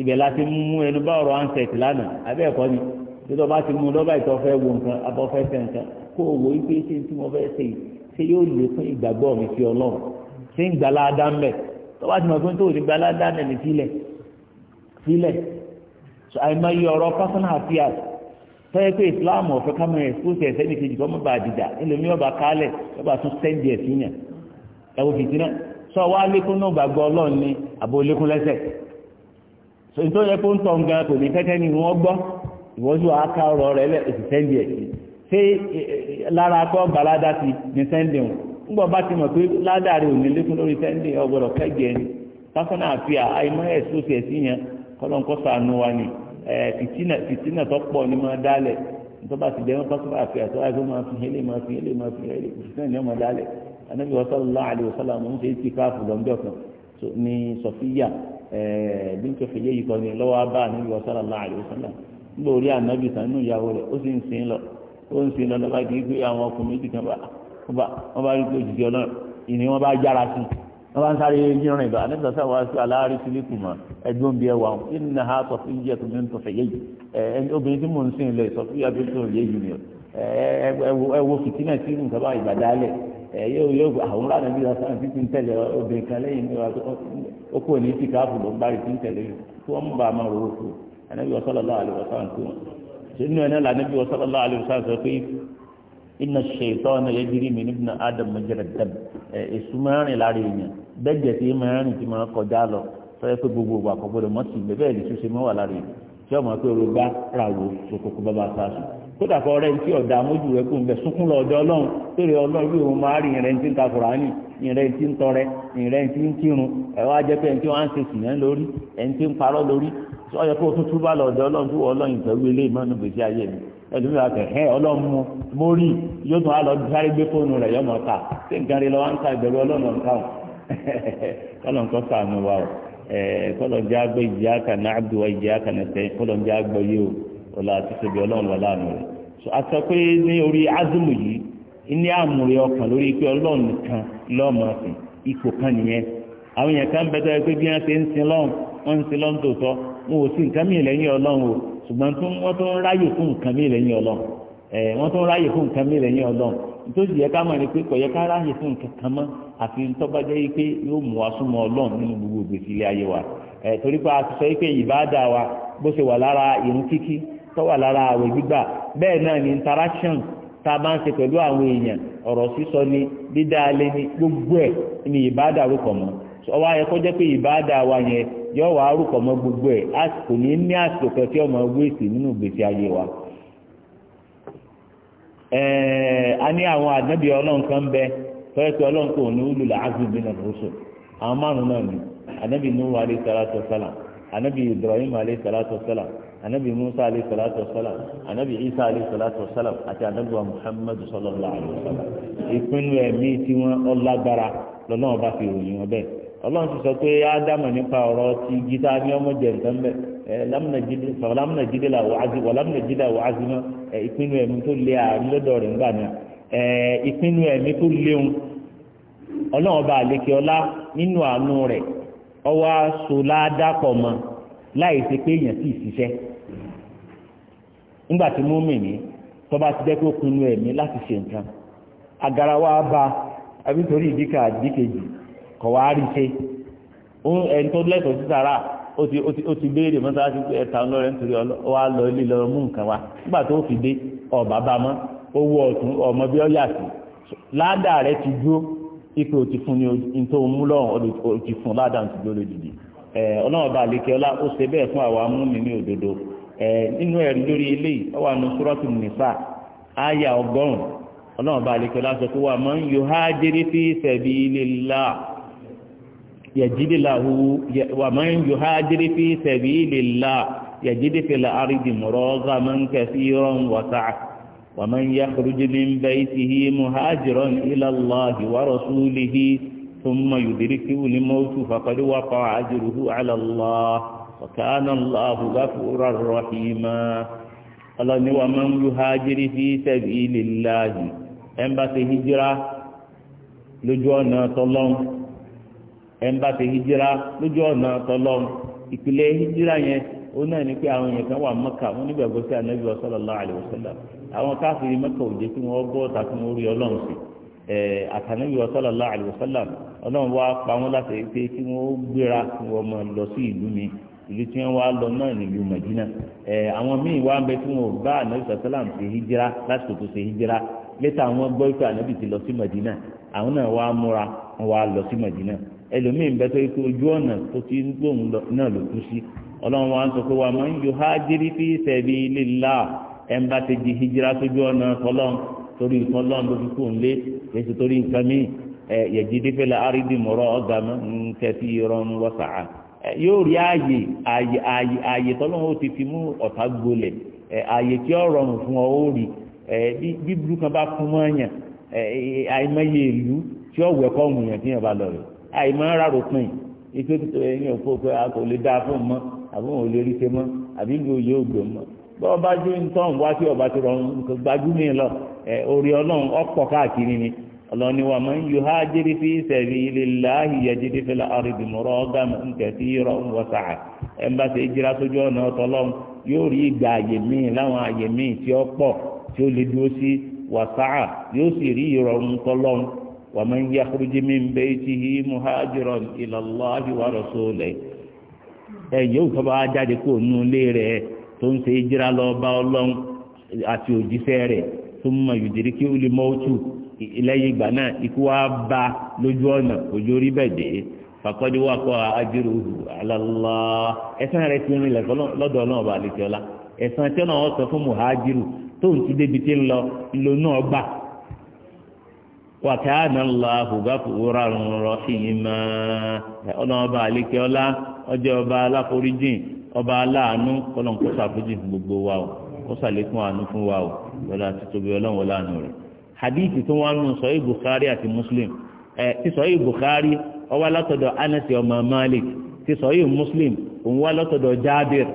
ibẹ̀ láti mú ẹnu bá ọ̀rọ̀ ansẹ̀tì lánàá abẹ́ ẹ̀kọ́ ni títọ́ bá ti mú lọ́ba ìtọ́ fẹ́ wo nǹkan abọ́ fẹ́ fẹ́ nǹkan kó o wò wípé ṣé tí mo fẹ́ ṣe yìí ṣé yóò lè fún ìgbàgbọ́ mi fi ọlọ́run ṣé ń gbàlá dá mẹ́ tọ́wọ́ ti mọ̀ pé tó o ní gbàlá dá mẹ́ mi sílẹ̀ sílẹ̀ so àìmọye ọ̀rọ̀ personal affairs tọ́yẹ pé islam ọ̀fẹ́ kámẹ́rà ẹ̀sìkúùsì ẹ̀sẹ̀ ní kọ́ mọ́ bá àdìjà ẹlòmíì ọba kálẹ̀ ọba tún sẹ́ndì ẹ̀sìn ẹ̀wọ̀n sọ wá lékún náà gbàgbọ́ ọlọ́run ni àbò lékún lẹ́sẹ̀ so nítorí ẹ̀kọ́ ń tọ̀ ń kò ní kẹ́kẹ́ ni wọ́n gbọ́ ìwọ́jú àáká ọ̀rọ̀ rẹ̀ lẹ̀ sẹ́ndì ẹ̀sìn ṣé lára kọ́ ti ní sẹ́ndì wọn ńgbọ́ bá ti mọ̀ pé ládàrí lékún lórí sẹ́ndì ọgbọ̀dọ̀ kẹ́gẹ́ kọ́lọ́n kọ́ sànù wa ni fìtínà fìtínà tó pọ̀ ni máa dálẹ̀ nítorí bá ti dẹ́nu pásítọ̀ àfẹ́ àti wáyé tó fi hélè ma fi hélè ma fi hélè fìtínà ni máa dálẹ̀ anábì sallallahu alaihi wasallam ń ṣe ti káàfù lọ́njọ́ kan ní sọfíyà bíntu fìyẹ́ yìí kan ní lọ́wọ́ bá anábì sallallahu alaihi wasallam nígbà orí anábì sàn ó ń sin lọ kì í àwọn ọkùnrin méjì kan bá wọ́n bá ń sáré yíran ìbá nígbà sáà wá sí aláàrí sílíkù mọ́ ẹgbọ́n bíi ẹwà ìnà ha sọ fún yíyẹ tuntun tó fẹ́ yéyìí obìnrin tí mò ń sìn lọ sọ fún yíyẹ tuntun tó yéyìí ni ẹ wo fìtínà sí nǹkan bá ìbàdálẹ̀ ẹ yóò yóò àwọn lánàá bí lásán tí ti ń tẹ̀lé obìnrin kan lẹ́yìn ní wa ó kò ní tìka àbùdó ń bá rí ń tẹ̀lé tí wọ́n iná ṣètò ọ̀nà yẹ́dìrí mi níbi adam mẹ́jẹ̀rẹ̀ dẹ́m èṣù mẹ́rin lára èèyàn bẹ́jẹ̀ tí mẹ́rin ti máa kọjá lọ sọ́yẹ́ pé gbogbo ògbà kọ́gbọ́dọ̀ mọ́ sí bẹ́ẹ̀ lè ṣúṣe mọ́ wà lára èèyàn tí ọmọ pé orúgbá ràwọ̀ ṣokòkò bàbá sáṣù kódà kọ rẹ tí ọ̀dà mójú rẹ kún bẹ sunkún lọ ọ̀dọ̀ ọlọ́run péré ọlọ́run bí òun máa rí ìrẹ́ ti ń ta kùránì ìrẹ́ ti ń tọrẹ ìrẹ́ ti ń kírun ẹ̀wọ́ ajẹ́pẹ́ ẹni tí wọ́n á ń ṣe sìnẹ́ lórí ẹni tí ń parọ́ lórí ọ̀yẹ́ kó tuntun bá lọ ọ̀dọ̀ ọlọ́run tó wọ ọlọ́run pẹ̀lú ilé ìmọ̀nù gbèsè ayé mi ẹdun mi àtẹ ẹ ọlọmọ mórí yóò tún alọ sáré gbé fóònù yọmọ ta ṣé nǹkan lọ wá ń ka ìbẹ̀rù ọlọ́nà nǹkan o kọlọ̀ nǹkan sànù wa o kọlọ̀ njẹ́ agbẹ́ ìjìyà kan náà abdu wa ìjìyà kọlọ̀ yìí o ọ̀la àti ṣèbí ọlọ́run wà láàánú rẹ̀ so pé ní orí azumu yìí ní ọkàn lórí pé ọlọ́run kan nìyẹn àwọn èèyàn kan bẹ tọ́jú pé bí wọ́n ṣe ń sin lọ́hùn wọ́n ń sin lọ́hùn tòótọ́ wọn ò sí nǹkan mìíràn lẹ́yìn ọlọ́run o ṣùgbọ́n wọ́n tó ń ráyè fún nǹkan mìíràn lẹ́yìn ọlọ́run ẹ̀ wọ́n tó ń ráyè fún nǹkan mìíràn lẹ́yìn ọlọ́run nítorí yẹ ká mọ̀ ní pé kò yẹ ká ráyè fún nǹkan kan mọ́ àfi tọ́bajẹ́ yìí pé yóò mú wa súnmọ́ ọlọ́run nínú gbogbo gbèsè ilé ayé wa ẹ̀ torí pé a ti sọ yìí pé ìbáàdà wa bó ṣe wà lára ìrun kíkí tó wà lára àwẹ̀ gbígbà bẹ́ẹ̀ náà ni interaction tá a bá ń ṣe pẹ̀lú àwọn èèyàn ọ̀rọ̀ sísọ ni dídá alẹ́ ni gbogbo ẹ̀ ni ìbáàdà rúkọ̀ mọ́ ọwọ́ ayẹ kọjá pé ìbáàdà wa yẹn yọ wà á rúkọ mọ gbogbo ẹ̀ kò ní ní àsìkò kan tí ọmọ wéèsì nínú gbèsè ayé wa. a ní àwọn ànábì ọlọ́run kan bẹ fẹ́ẹ́sì ọlọ́run kò ní ulul azmi minar àwọn márùn náà ni ànábì nuhu alayhi salam ànábì ibrahim alayhi salam ànábì musa alayhi salam ànábì isa alayhi salam àti ànábì wa muhammadu sallallahu alayhi wa salam ìpinnu ẹ̀mí tiwọn ọlágbára lọ́nà ọba fi ròyìn wọn ọlọ́run ti sọ pé ádámà nípa ọ̀rọ̀ ti gíta ní ọmọ jẹ nǹkan lámùnà jíde là wà ìpinnu ẹ̀mí tó lé àárín lọ́dọ̀ rẹ̀ ńgbà náà ìpinnu ẹ̀mí tó léwu ọlọ́run ọlá nínú àánú rẹ̀ ọwọ́ aṣọ ládàpọ̀ mọ́ láì ṣe pé èèyàn sì ṣiṣẹ́ tí kọ̀ wá ṣe ẹni tó lẹ́tọ̀ọ́ sí sàrà ó ti ó ti ó ti béèrè mọ́sálásí pé ẹ̀ta ọlọ́rẹ́ nítorí wa lọ ilé lọ mú nǹkan wa nígbà tó fi dé ọ̀bá mọ́ owó ọ̀tún ọmọ bí ọ́yà sí ládà rẹ ti dúró ipò ti fún ni tó mú lọ́rùn ó ti fún ládà ti dúró lójijì ẹ ọlọ́run bá lè ọlá ó ṣe bẹ́ẹ̀ fún àwa mú mi يجد له ومن يهاجر في سبيل الله يجد في الأرض مراغما كثيرا وسعة ومن يخرج من بيته مهاجرا إلى الله ورسوله ثم يدركه الموت فقد وقع أجره على الله وكان الله غفورا رحيما Allah ni wa man yuhajiri fi sabilillahi ẹnbàtí hijira lójú ẹnba ti hijira lójú ọ̀nà tọlọ́m ìpìlẹ̀ hijira yẹn ó náà ní pé àwọn èèyàn wà mọ́kà wọ́n sí anabi sallallahu alaihi wasallam àwọn káfíìrì mọ́kà òde tí wọ́n gbọ́ ọ̀tà tí wọ́n rí ọlọ́run sí àtànàbí sallallahu alaihi wasallam ọlọ́run wá pa wọ́n láti pé kí wọ́n gbéra kí wọ́n máa lọ sí ìlú mi ìlú lọ náà àwọn míì wá ń bẹ tí wọ́n anabi ti ẹlòmíín bẹ tó ikú ojú ọ̀nà tó ti ń gbóhùn náà ló kú sí ọlọ́run wa ń sọ pé máa ń yọ fi ti di hijira sójú ọ̀nà tori torí tọ́lọ́n ló fi kú ńlé lẹ́sẹ̀ torí nǹkan míì ẹ̀ yẹ̀jìdí fẹ́lẹ̀ árídì mọ̀rọ̀ ọ̀gá nkẹ́tì ìrọ̀rùn wọ́sàá yóò rí ààyè ààyè ààyè ààyè ó ti fi mú ọ̀tá gbolẹ̀ ààyè tí ó rọrùn fún ọ ó rí bá fún mọ́ àìmọye ìlú tí ó wẹ̀kọ́ ọ̀hún yẹn fi hàn àìmọ́ ráròpin ike tó ẹ̀yìn òfò pé a kò lè dá fún mọ àbí wọn ò lè rí ṣe mọ́ àbí ìlú òye ògbò mọ́ wá sí ọba tó rọrùn lọ orí ọlọ́run ọ̀pọ̀ káàkiri ni ọlọ́ni wa máa ń yọ jírí fi ilé láàyè la ọ̀gá nkẹ́tì ẹ̀ ń bá ṣe sójú ومن يخرج من بيته مهاجرا إلى الله ورسوله ẹ̀yìn òun sọ́ba jáde kó nu ilé rẹ̀ tó ń ṣe ìjìra lọ bá ọlọ́run àti òjíṣẹ́ rẹ̀ tó mọ ìdírí kí ó lè mọ òtù lẹ́yìn ìgbà náà ikú wa bá lójú ọ̀nà òjò orí bẹ̀ dé fàkọ́dé wà kọ́ àjẹrò òhù alálá ẹ̀sán rẹ̀ ti rìn wàkàánà Allahu ghafurur rahima ọlọ́ọ̀bá àlékè ọlá ọjọ́ ọba aláforíjìn ọba aláàánú kọ́lọ́nkọ́ sàfojì fún gbogbo wa o kó sàlékún àánú fún wa o lọ́la àti tóbi ọlọ́wọ́ láàánú rẹ̀ hadithi tó wà nù sọ́yìn Bukhari àti Muslim ẹ̀ ti sọ́yìn Bukhari ó wá Anasi ọmọ Malik ti sọ́yìn Muslim òun wá látọ̀dọ̀ Jabir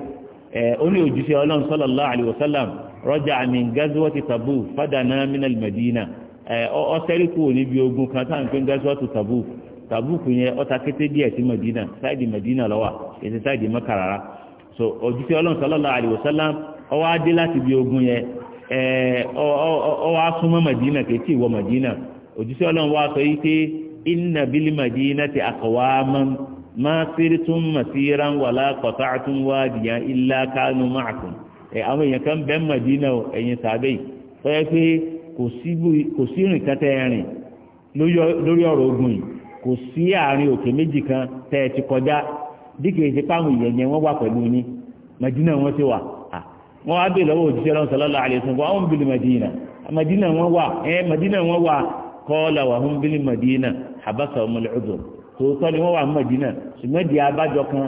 ẹ̀ ó ní òjúṣe ọlọ́run sallallahu ọtẹ́ríkù níbi ogun kan táwọn pé ń gẹ́sọ́ tó Tabuk Tabuk yẹn ọta kété díẹ̀ sí Madina sáìdì Madina lọ́wọ́ èsì sáìdì Mẹ́kà so ojúṣe ọlọ́run sallallahu alaihi wasallam ọwọ́ adé láti bí ogun yẹn ọwọ́ asúnmọ́ Madina kétí ìwọ Madina ojúṣe ọlọ́run wá sọ yìí pé inna bil madinati aqwaman ma sirtum masiran wala qata'tum wadiyan illa kanu ma'akum àwọn èèyàn kan bẹ́ẹ̀ Madina ẹ̀yìn sàbẹ̀ yìí sọ yẹ pé kò sí rìn kan tẹ́ lórí ọ̀rọ̀ ogun yìí kò sí àárín òkè méjì kan kọjá páàmù wà pẹ̀lú ní. Madina wọn ti wà wọn á bèèrè lọ́wọ́ òjíṣẹ́ lọ́wọ́ sọlọ́lá àlẹ́sùn Madina Madina wọn wà Madina wọn wà kọ́ọ̀lá wà ń bìlì Madina tòótọ́ ni wọ́n wà Madina abájọ kan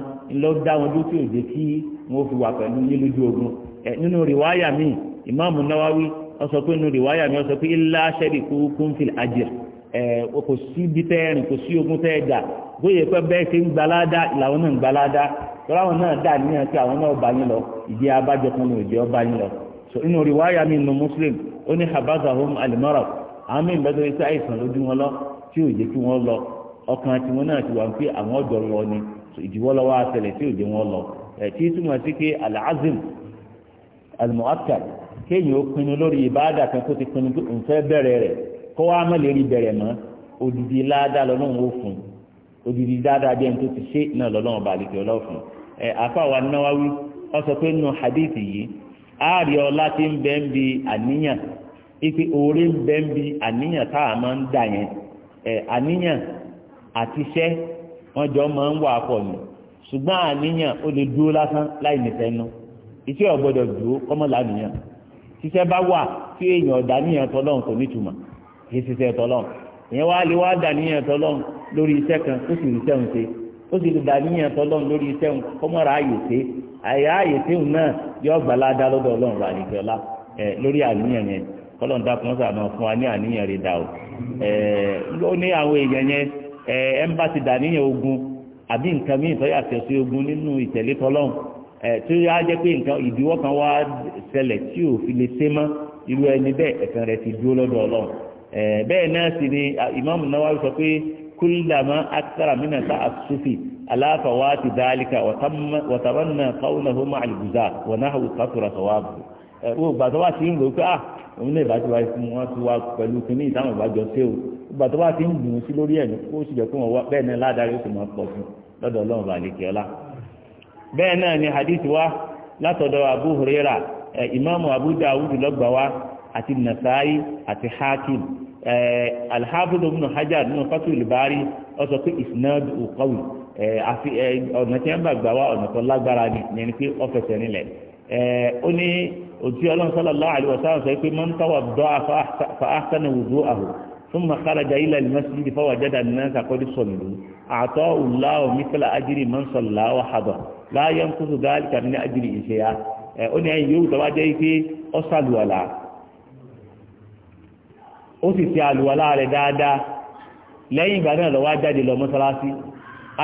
dá wọn dúró tí ò ogun nínú rìwáyà míì ọsọ pé nínú rìwáyà mi ọsọ pé ilá aṣẹ́rì kú kúnfìl àjẹr ẹ kò sí bí tẹ́ẹ̀rìn kò sí ogun tẹ́ẹ̀dà bóyá pé bẹ́ẹ̀ ṣe ń gbalada làwọn náà ń gbalada tọ́lá àwọn náà dà ní ẹ̀ka àwọn náà bá yín lọ ìdí abájọ kan ní òjì ọba yín lọ so inú rìwáyà mi nù muslim ó ní habazahum alimọ́rọ̀ àwọn míì bẹ́ẹ̀ tó ṣe àìsàn lójú wọn lọ tí ò jẹ́ kí wọ́n lọ ọkàn tí wọn náà ti wà pé àwọn ọ̀dọ́ kéèyàn ó pinnu lórí ìbáàdà kan tó ti pinnu tó ń fẹ́ bẹ̀rẹ̀ rẹ̀ kó wá má lè rí bẹ̀rẹ̀ mọ́ odidi ládàá lọ́lọ́run ó fún odidi dáadáa bí ẹni tó ti ṣe náà lọ́lọ́run bá lè fi ọlọ́ fún ẹ àfàwà náwáwí wọ́n sọ pé nù hadith yìí ààrẹ ọlá ti ń bẹ́ ń bi àníyàn ipe oore ń bẹ́ ń bi àníyàn tá máa ń dà yẹn ẹ àníyàn àti iṣẹ́ wọ́n jọ máa ń wà pọ̀ ni ṣùgbọ́n àníyàn ó lè dúró lásán láì nìfẹ́ nu iṣẹ́ ọ̀gbọ́dọ̀ dúró kọ́mọ́lá nìyàn tíṣẹ́ bá wà tí èèyàn dàníyàn tọ́lọ́n kò nítumọ̀ kì í ṣiṣẹ́ tọ́lọ́n èèyàn wá lè wá dàníyàn tọ́lọ́n lórí iṣẹ́ kan ó sì rí iṣẹ́ òun ṣe ó sì lè dàníyàn tọ́lọ́n lórí iṣẹ́ òun kọ́mọ́ra ààyè ṣe àyà ààyè ṣe òun náà yọ gbàládá lọ́dọ̀ ọlọ́run rà nìkẹ́ ọlá lórí àníyàn yẹn kọ́lọ́n dákun sàmọ́ fún wa ní àníyàn rẹ̀ dà o ó ní àwọn èèyàn yẹn ẹ̀ ẹ̀ ń bá ti dàníyàn ogun àbí nǹkan míì tó yàtọ̀ sí ogun nínú ìtẹ̀lé tọ́lọ́run tí ó yá jẹ́ pé nǹkan ìdíwọ́ kan wá tí ò fi lè mọ́ irú ẹni bẹ́ẹ̀ imam sọ pé ta ti wa nahwu kàtúrà sọ̀wáàbù wọ́n gbà tó wá sí ń rò pé ah òun náà ìbájú ti wá pẹ̀lú kínní ìbájọ o bẹ́ẹ̀ náà ni hadith wa látọ̀dọ̀ abu huraira imaamu abu dawud lọ́gbà wa àti nasaayi àti hakim alhafiz ibn hajar nínú fatul bari ó sọ pé isnad qawi àfi ọ̀nà tí wọ́n bá gbà wá ọ̀nà tó lágbára ni yẹn ni pé ọ̀fẹ̀sẹ̀ nílẹ̀ ó ní òtí ọlọ́run sallallahu alaihi sọ pé man tawadda'a fa ahsana wudu'ahu ثم خرج إلى المسجد فوجد الناس قد صلوا أعطاه الله مثل أجر من صلى وحضر لا ينقص ذلك من أجر شيئا ó ní ẹ̀yìn yóò tọ́wá jẹ́ pé ó sàlùwàlá ó sì ṣe àlùwàlá rẹ̀ dáadáa lẹ́yìn ìgbà náà lọ́wọ́ jáde lọ mọ́sálásí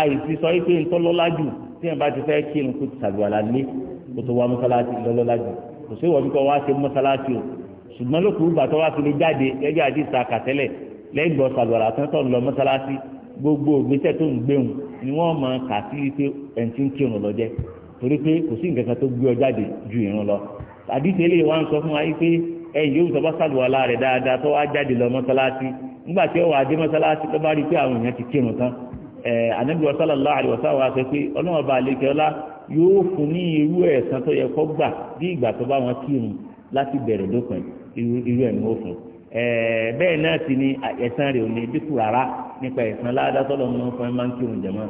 àìsí sọ pé ń tọ́lọ́lá jù tí ẹ̀ bá ti fẹ́ kí n kó ti sàlùwàlá lé kó tó wá mọ́sálásí lọ́lọ́lá jù kò sí ìwọ́n bí kò wá ṣe mọ́sálásí o ṣùgbọ́n lókùú ìgbà tó wá fi lè jáde gẹ́gẹ́ àti ìsàkà tẹ́lẹ̀ lẹ́yìn gbọ́ sàlùwàrà tán tó ń lọ mọ́sálásí gbogbo ògbésẹ̀ tó ń gbéhùn ni wọ́n máa kà sí pé ẹni tí ń kírun lọ jẹ́ torí pé kò sí nǹkan kan tó gbé ọ jáde ju ìrun lọ àdìsẹ́ lè wá ń sọ fún wa yìí pé ẹ̀yìn yóò sọ́bà sàlùwàlá rẹ̀ dáadáa tó wá jáde lọ mọ́sálásí nígbà tí ó wà dé mọ́sálásí tó bá rí pé àwọn èèyàn ti kírun tán ànábì sallallahu alaihi wasallam sọ pé ọlọ́wọ́n bá lè kẹ́ọ́lá yóò fún ní irú ẹ̀san tó yẹ kó gbà bí ìgbà tó bá wọn kírun láti bẹ̀rẹ̀ dópin irú ẹ̀mí ó fún bẹ́ẹ̀ náà sì ni ẹ̀sán rẹ̀ ò ní dínkù rárá nípa ẹ̀sán ládàtọ́lọ́ mọ́ fún ẹ máa ń kírun jẹ̀mọ́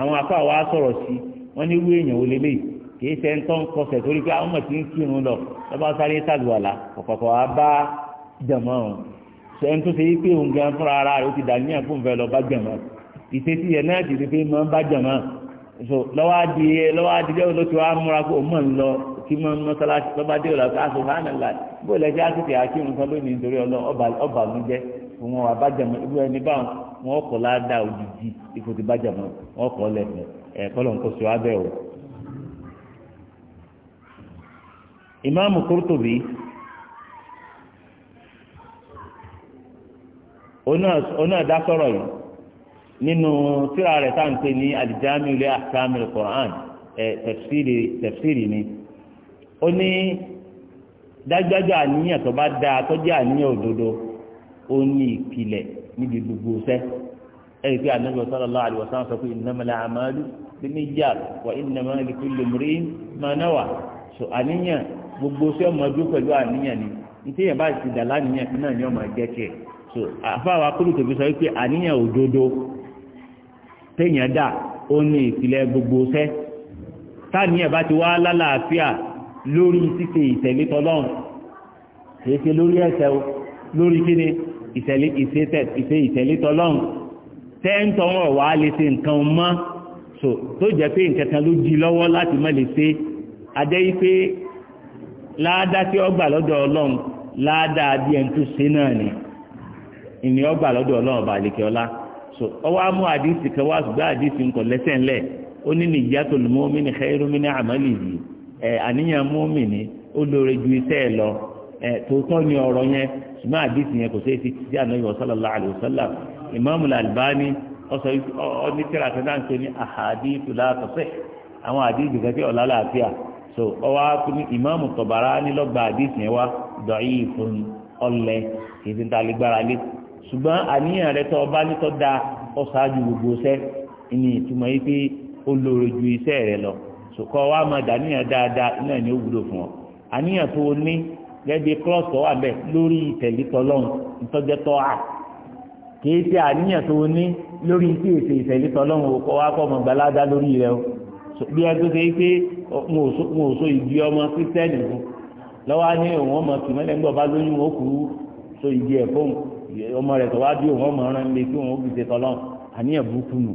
àwọn afá wa sọ̀rọ̀ sí wọ́n ní irú èèyàn ò lélẹ̀ kì í ṣe ń tán kọsẹ̀ torí pé àwọn mọ̀tí ń kírun lọ lọ́ba sáré sàlùwàlà ọ̀kọ̀ọ̀kọ̀ wa bá jẹ̀mọ́ ọ̀hún ṣe ń tó ṣe pé òun gan fúnra ara rẹ̀ ó ti dà ní àkóńfẹ́ lọ bá jẹ̀mọ́ ìṣesí yẹn náà ti di pé máa ń bá jẹ̀mọ́ so lọ́wọ́ adìyẹ lọ́wọ́ adìyẹ olóṣù wa múra kó bóyá lẹ́sẹ̀ á sì fi àkírun n'idori lónìí nítorí ọba abajam jẹ́ fún wọn àbájámọ́ irú ẹni báwọn wọn kọ̀ ládàá òjijì ipò tí bájámọ́ wọn kọ̀ lẹ́sẹ̀ ẹ̀ kọ́lọ̀ ń kó sọ abẹ́ o. ìmáàmù Qurtubi oná dákọ̀rọ̀ yìí nínú tírà rẹ̀ tá à ń pè ní ẹ̀ ni ó ní. dájúdájú àníyàn tó bá da àtọ́jú àníyàn òdodo ó ní ìpìlẹ̀ níbi gbogbo sẹ́ ẹ̀rí pé ànábì sallallahu alaihi wasallam sọ pé innamal a'malu binniyyat wa innama likulli imri'in ma nawa so àníyàn gbogbo sẹ́ ọmọ ọdún pẹ̀lú àníyàn ni nítéèyàn bá ti dà láníyàn náà ni ọmọ ẹ̀jẹ̀ tiẹ̀ so àfáwà kúrò tòbí sọ pé àníyàn òdodo téèyàn dà ó ní ìpìlẹ̀ gbogbo sẹ́ táníyàn bá ti wá lálàáfíà lórí ṣíṣe ìtẹ̀lé tọ́lọ́run kìí ṣe lórí ẹ̀ṣẹ̀ o lórí kí ni ìtẹ̀lé ìṣe ìtẹ̀lé tọ́lọ́run tẹ́ǹtọ̀ wọn wà á lè ṣe nǹkan mọ́ tó jẹ́ pé nǹkan kan ló jí lọ́wọ́ láti má lè ṣe adé yìí pé láàdá tí ó gbà lọ́dọ̀ ọlọ́run láàdá bí ẹni tó ṣe náà ni ìní ó gbà lọ́dọ̀ ọlọ́run ọba àlèkè ọlá so ọwọ́ amú àdìsí kan wá ṣùgbọ́n àdìsí nǹkan lẹ́sẹ̀ ńlẹ̀ ó ní nìyá tó lùmọ́ mí ní xẹ́rú mí ní àmàlì yìí àníyàn mùmínì ó lóore ju iṣẹ́ ẹ̀ lọ tòótọ́ ni ọ̀rọ̀ yẹn ṣùgbọ́n àdìsí yẹn kò sí ti ti ànábì sallallahu alaihi wasallam Imamul Albani ọsọ ọdún tíra tó náà ń pè ní ahadithu la tasih àwọn àdìsí gẹ́gẹ́ ọ̀la làáfíà so ọwọ́ akúni Imamu Tabarani lọ́gba àdìsí yẹn wá da'ifun ọ̀lẹ́ kì í ti ta sòkò wa máa dà níyàn dáadáa iná ní ó wúlò fún ọ àníyàn tó o ní gẹ́gẹ́ cross tó wà bẹ́ẹ̀ lórí ìtẹ̀lé tọlọ́hún ìtọ́jẹ́ tọ́ à kìí ṣe àníyàn tó o ní lórí tí èsè ìtẹ̀lé tọlọ́hún o wa kọ́ ọmọ gbalada lórí rẹ o bí ẹ tó ṣe é pé so ìdí ọmọ kristẹni fún lọ́wọ́ á ní òun ọmọ tìmọ́lẹ̀ ń gbọ́ bá lóyún ó kú so ìdí ẹ̀ fóun ọmọ rẹ̀ tó wá bí òun ọmọ rẹ̀ ń lé kí òun ó gbèsè tọlọ́hún àníyàn burúkú nù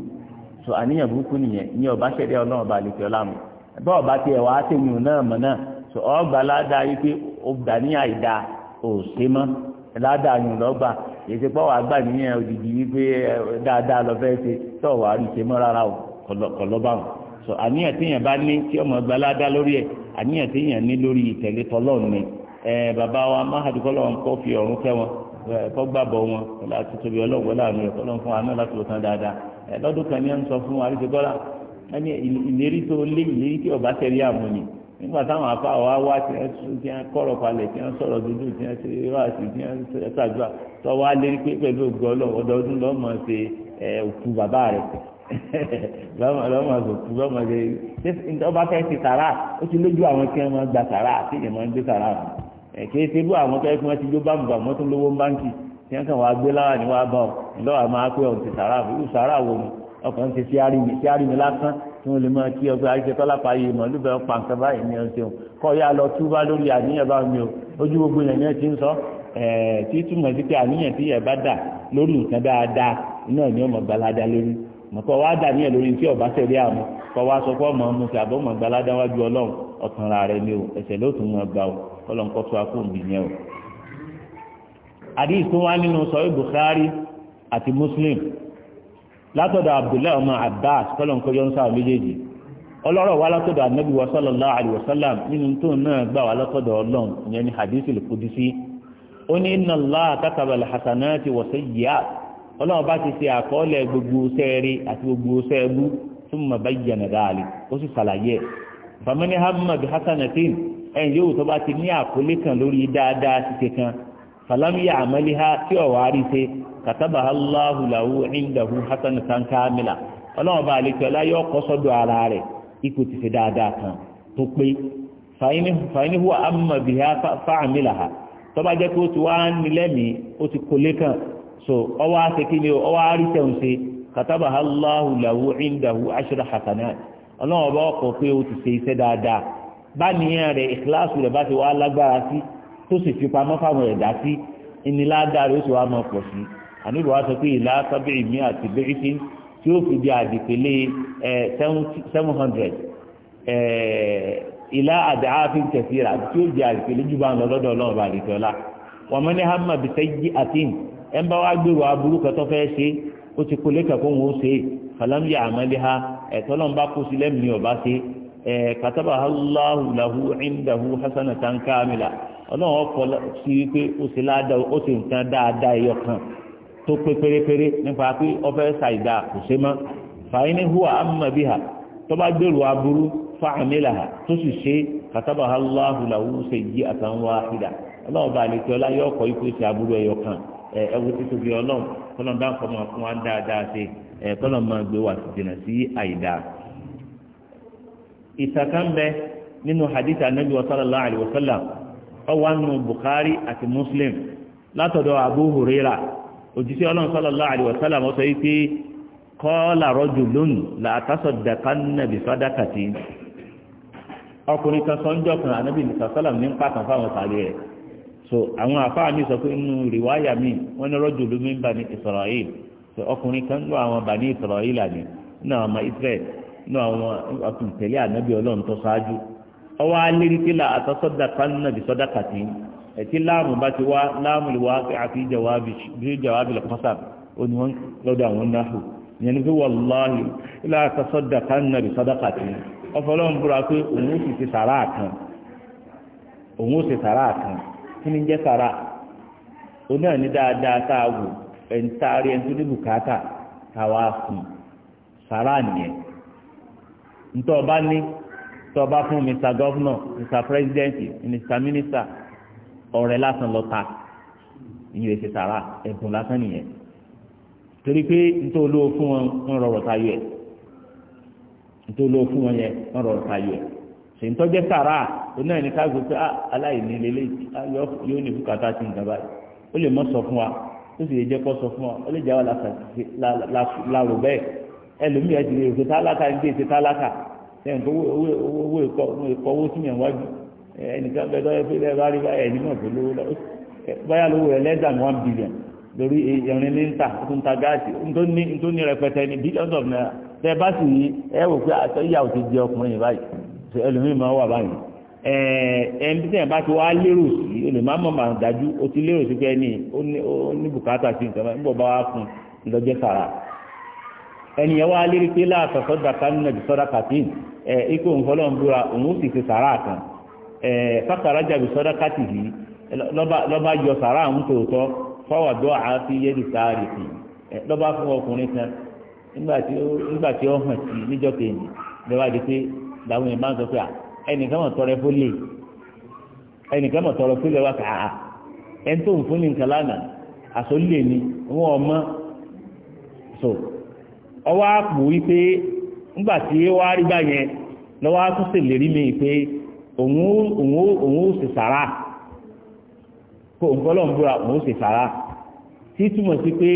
so àníyàn burúkú nìyẹn ní ọba Ọlọ́run ọba àlèkè ọlá mi. bọ́ọ̀ bá tiẹ̀ wá tẹ̀yìn náà mọ̀ náà sọ ọgbà ládàá yìí pé ó gbà ní àìda ò ṣe mọ́ ládàá yìí lọ́gbà èsì pọ́ wàá gbà òdìdí wípé dáadáa lọ ṣe tọ́ wàá rí ṣe mọ́ rárá o sọ àníyàn bá ní tí ọmọ gbà ládàá lórí ẹ̀ àníyàn téèyàn ní ni ẹ bàbá wa fi wọn wọn láti tóbi ẹni ìlérí tó lé ìlérí tí ọba tẹ̀lé àmọ́ ni nígbà táwọn afa wa wá tí wọ́n sún tí wọ́n kọ̀rọ̀ palẹ̀ tí wọ́n sọ̀rọ̀ dúdú tí wọ́n ṣe wá sí tí wọ́n ṣàdúrà tó wá lérí pé pẹ̀lú ògùn ọlọ́ọ̀dọ́dún lọ́mọ ṣe òkú bàbá rẹ̀ lọ́mọ sòkú lọ́mọ ṣe ṣe ọba fẹ́ ti tàrà ó ti lójú àwọn tí wọ́n máa gba tàrà àti ìyẹn máa ń gbé tàrà wọn ẹ̀kẹ́ ṣe bú àwọn tẹ́lẹ̀ tí wọ́n ti jó bámu bá mọ́tò lówó báńkì tí wọ́n kàn wá gbé láwà ní wàá bá ọ lọ́wọ́ àmọ́ á pé ọ̀ ọkàn ti fíárì mi fíárì mi lásán tí wọn lè máa kí ọgbẹ àìsètò lápáyé màálù bẹ pa nǹkan báyìí ní ọjọ́ kọ ya lọ túbá lórí àníyàn bá mi o ojú gbogbo yẹn náà ti ń sọ ẹẹ tí túmọ̀ sí pé àníyàn tí yẹn bá dà lórí nǹkan dáadáa iná ni ọmọ gbalada lórí mọ̀kọ́ wá dà níyàn lórí tí ọba sẹ̀rí àmọ́ kọ́ wá sọ pé ọmọ ọmọ sí àbọ̀ ọmọ gbalada o ẹsẹ̀ ló tún o ọlọ́run kọ́ tó akó òbí yẹn o. àdìs tó wá nínú sọ Bukhari àti Muslim látọ̀dọ̀ abdullahi ọmọ abbas kọ́lọ̀nkọ́ yọ́n sáà méjèèjì ọlọ́rọ̀ wá látọ̀dọ̀ anabi wa sallallahu alayhi wa sallam nínú tó náà gbà wá látọ̀dọ̀ ọlọ́n ìyẹn ni hadithil qudsi ó ní inna allaha kataba alhasanati wa sayyi'at ọlọ́run bá ti ṣe àkọọ́lẹ̀ gbogbo sẹ́ẹ̀rí àti gbogbo sẹ́ẹ̀bú thumma bayyana dhalik ó sì ṣàlàyé famani hamma bi hasanatin ẹ̀yìn yóò tó bá ti ní àkólé kan lórí dáadáa ti kan fàlámìyà àmàlíhá tí ọ̀wà rí ṣe kàtàbà aláhùn làwù ìndàhù hasan san kámìlà ọlọ́run bá àlejò aláyọ̀ ọkọ̀ sọ́dọ̀ ara rẹ̀ ipò ti fi dáadáa kan tó pé fàyín hùwà àmà bìhá fáàmìlà ha tọ́ba jẹ́ pé ó ti wá nílẹ̀mìí ó ti kólé kan so ọwọ́ àṣekínni ọwọ́ àríṣẹ́hùn ṣe kàtàbà aláhù ìndàhù aṣọ́dọ̀ hasanat ọlọ́run bá ọkọ̀ pé ó ti ṣe iṣẹ́ dáadáa bá nìyẹn rẹ̀ ìkíláàsù rẹ̀ bá ti wá lágbára sí tó sì fi pamọ́ fáwọn ẹ̀dá sí ìníládàá rẹ̀ ó sì wá máa pọ̀ sí àníbò wá sọ pé ìlà sábẹ́rì mi àti bẹ́rì tí tí ó fi di àdìpélé seven hundred ìlà àdáhàfin kẹfìrà tí ó di àdìpélé jù bá ń lọ lọ́dọ̀ ọlọ́run bá àdìpẹ́ ọ̀la wọ́n mọ́ ní hamma bìtẹ́ yí àtìm ẹ̀ ń bá wá gbèrò aburú kẹtọ́ fẹ́ ṣe ó ti kó lẹ́kẹ̀ẹ́ kó wọ́n ṣe fàlámù àmàlẹ́ ha ẹ̀tọ́ lọ́n bá kó sí lẹ́mìí ọ̀bá ṣe kataba Allahu lahu indahu hasanatan kamila ọlọ́run ọkọ̀ sí wípé ó sì ládàá ó sì nǹkan dáadáa ẹyọ kan tó pé pérépéré nípa pé ọfẹ́ ṣàìdá kò ṣe mọ́ fàáyínní hùwà àmàbí hà tó bá gbèrò aburú fáàmìlà hà tó sì ṣe kàtàbà ṣe yí àtàwọn ọlọ́run bá àlejò ọlá ṣe aburú kan bí ọlọ́run kọ́nà bá ń kọ́ máa fún wa dáadáa ṣe wa jìnnà sí àìdá. ìtàkàn bẹ nínú hadith anabi wa sallallahu alayhi wa ọwọ́ nù Bukhari àti Muslim látọ̀dọ̀ Abu Huraira òjíṣẹ́ ọlọ́run sallallahu alaihi wasallam sọ yìí pé kọ́ọ̀lá rajulun la tasaddaqanna bi sadaqati ọkùnrin kan sọ́njọ́ kan ànábì nìkan sọ́làm ní pàtàkì fáwọn sàlẹ̀ rẹ̀ so àwọn àfáà mi sọ pé inú rìwáyà mi wọ́n ní rajulun min bani Isra'il so ọkùnrin kan lọ àwọn bani Isra'il àní nínú àwọn ọmọ Israel nínú àwọn ọkùnrin tẹ̀lé ànábì ọlọ́run tó ṣáájú ọwọ́ alérikílà àtọ́sọ́dà kanna bí sọ́dà kàtí ẹ̀tí láàmù bá ti wá láàmù ìwà àti ìjàwábì lọ́kọ́sà oníwọ̀n lọ́dọ̀ àwọn náà yẹn ni pé wàláhì ilà àtọ́sọ́dà kanna bí sọ́dà kàtí ọfọlọ́run búra pé òun ó sì ti sàrà kan òun ó sì sàrà kan kí ni jẹ́ sàrà oní àní dáadáa tá a wò ní bùkátà tá fún sàrà nìyẹn ntọ́ ọba ní tó bá fún mr governor mr president mr minister ọ̀rẹ́ lásán lọ ta ìyẹn ṣe sàrà ẹ̀bùn lásán nìyẹn torí pé nítorí olówó fún wọn ń rọrọ̀ tayọ ẹ̀ nítorí olówó fún wọn yẹn ń rọrọ̀ tayọ ẹ̀ ṣèǹtọ́jẹ́ sàrà oná ẹni ká gbé pé ah, aláìní lélẹ́ ah, yóò ní bùkátà sí nǹkan báyìí ó lè mọ́ sọ fún wa ó sì lè jẹ́ kó sọ fún wa ó lè jẹ́ wa làrò bẹ́ẹ̀ ẹlòmíràn ti lè rò pé tálákà ń gbé èsè tálákà sẹ́yìn kó owó owó ìkọ owó sí yẹn wájú ẹnìkan bẹ tọ́ pé ẹ bá rí báyà ẹni mọ̀ pé lówó lọ báyà less than one billion lórí ẹ̀rin ní ta tó ń ta gáàsì tó ní rẹpẹtẹ ní billions of naira tẹ bá sì yí ẹ wò pé àtọ́yà ò ti di ọkùnrin báyìí ẹlòmíì máa wà báyìí ẹ ẹ ní sẹ́yìn bá ti wá lérò sí olùmọ̀mọ̀ màá dájú o ti lérò sí pé ẹni ó ní bùkátà sí nǹkan ẹnìyẹn wá lérí pé láàtọ̀tọ̀ dàkà nínú ìbísọ́dà kàtín ẹ ikú òǹfọlọ́n òun sì fi sàrà kan ẹ fàkàrà yìí lọ́ba yọ sàrà àwọn tòótọ́ fọwọ́ dọ́ àáfi yéèdì sáárì sí ẹ lọ́ba fún ọkùnrin kan nígbà tí ó hàn sí níjọ́ kejì lọ́ba di pé làwọn bá ń sọ pé ẹnìkan mọ̀ tọrẹ ẹnìkan mọ̀ tọrọ wá ń fún ní ọwọ́ àpò wípé nígbà tí wá rí bá yẹn lọ́wọ́ tún sì lè rí mi pé òun ó sì sàrà kó òun kọ́ lọ́n búra òun ó sì sàrà tí túmọ̀ sí pé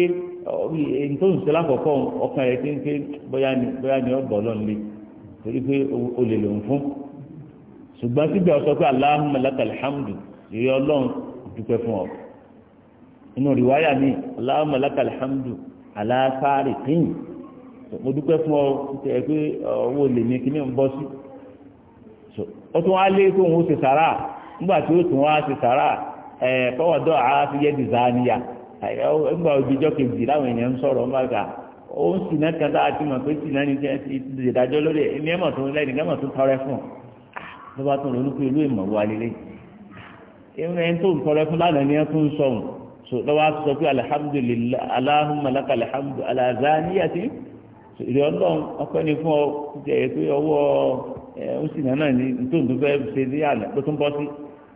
èyí tó ń sọ lákọ̀ọ́kọ́ ọkàn rẹ̀ ti ń pé bóyá ni bóyá ni ọ̀bọ̀ lọ́n lé torí pé o lè lòun fún ṣùgbọ́n síbẹ̀ ọ̀sọ́ pé Allahumma lakal hamdu ìrẹ́ ọlọ́run dúpẹ́ fún ọ inú rìwáyà mi Allahumma lakal hamdu aláfáàrí pín mo dúpẹ́ fún ọ tẹ pé owó lè ní kíní ń bọ́ sí ó tún wá lé tóun ó ṣe sàrà nígbà tí ó tún wá ṣe sàrà ẹ fọwọ́dọ̀ á ti yẹ dìzá níyà nígbà òjijọ́ kejì láwọn èèyàn ń sọ̀rọ̀ nígbà ká ó ń sìnà kan tá a ti mọ̀ pé sìnà ni jẹ́ ti ìdájọ́ lórí ẹ̀ ní ẹ̀mọ̀ tó ń lẹ́yìn ẹ̀mọ̀ tó tọrẹ fún ah, ló bá tún ronú pé olú ìmọ̀ wà lélẹ̀ ẹni tó ń tọrẹ ìrẹ̀ ọlọ́run ọpẹ́ ni fún ọ jẹ́ èyí tó yọ ọwọ́ ó sì náà ní nítorí tó ṣe ní àná tó tún bọ́ sí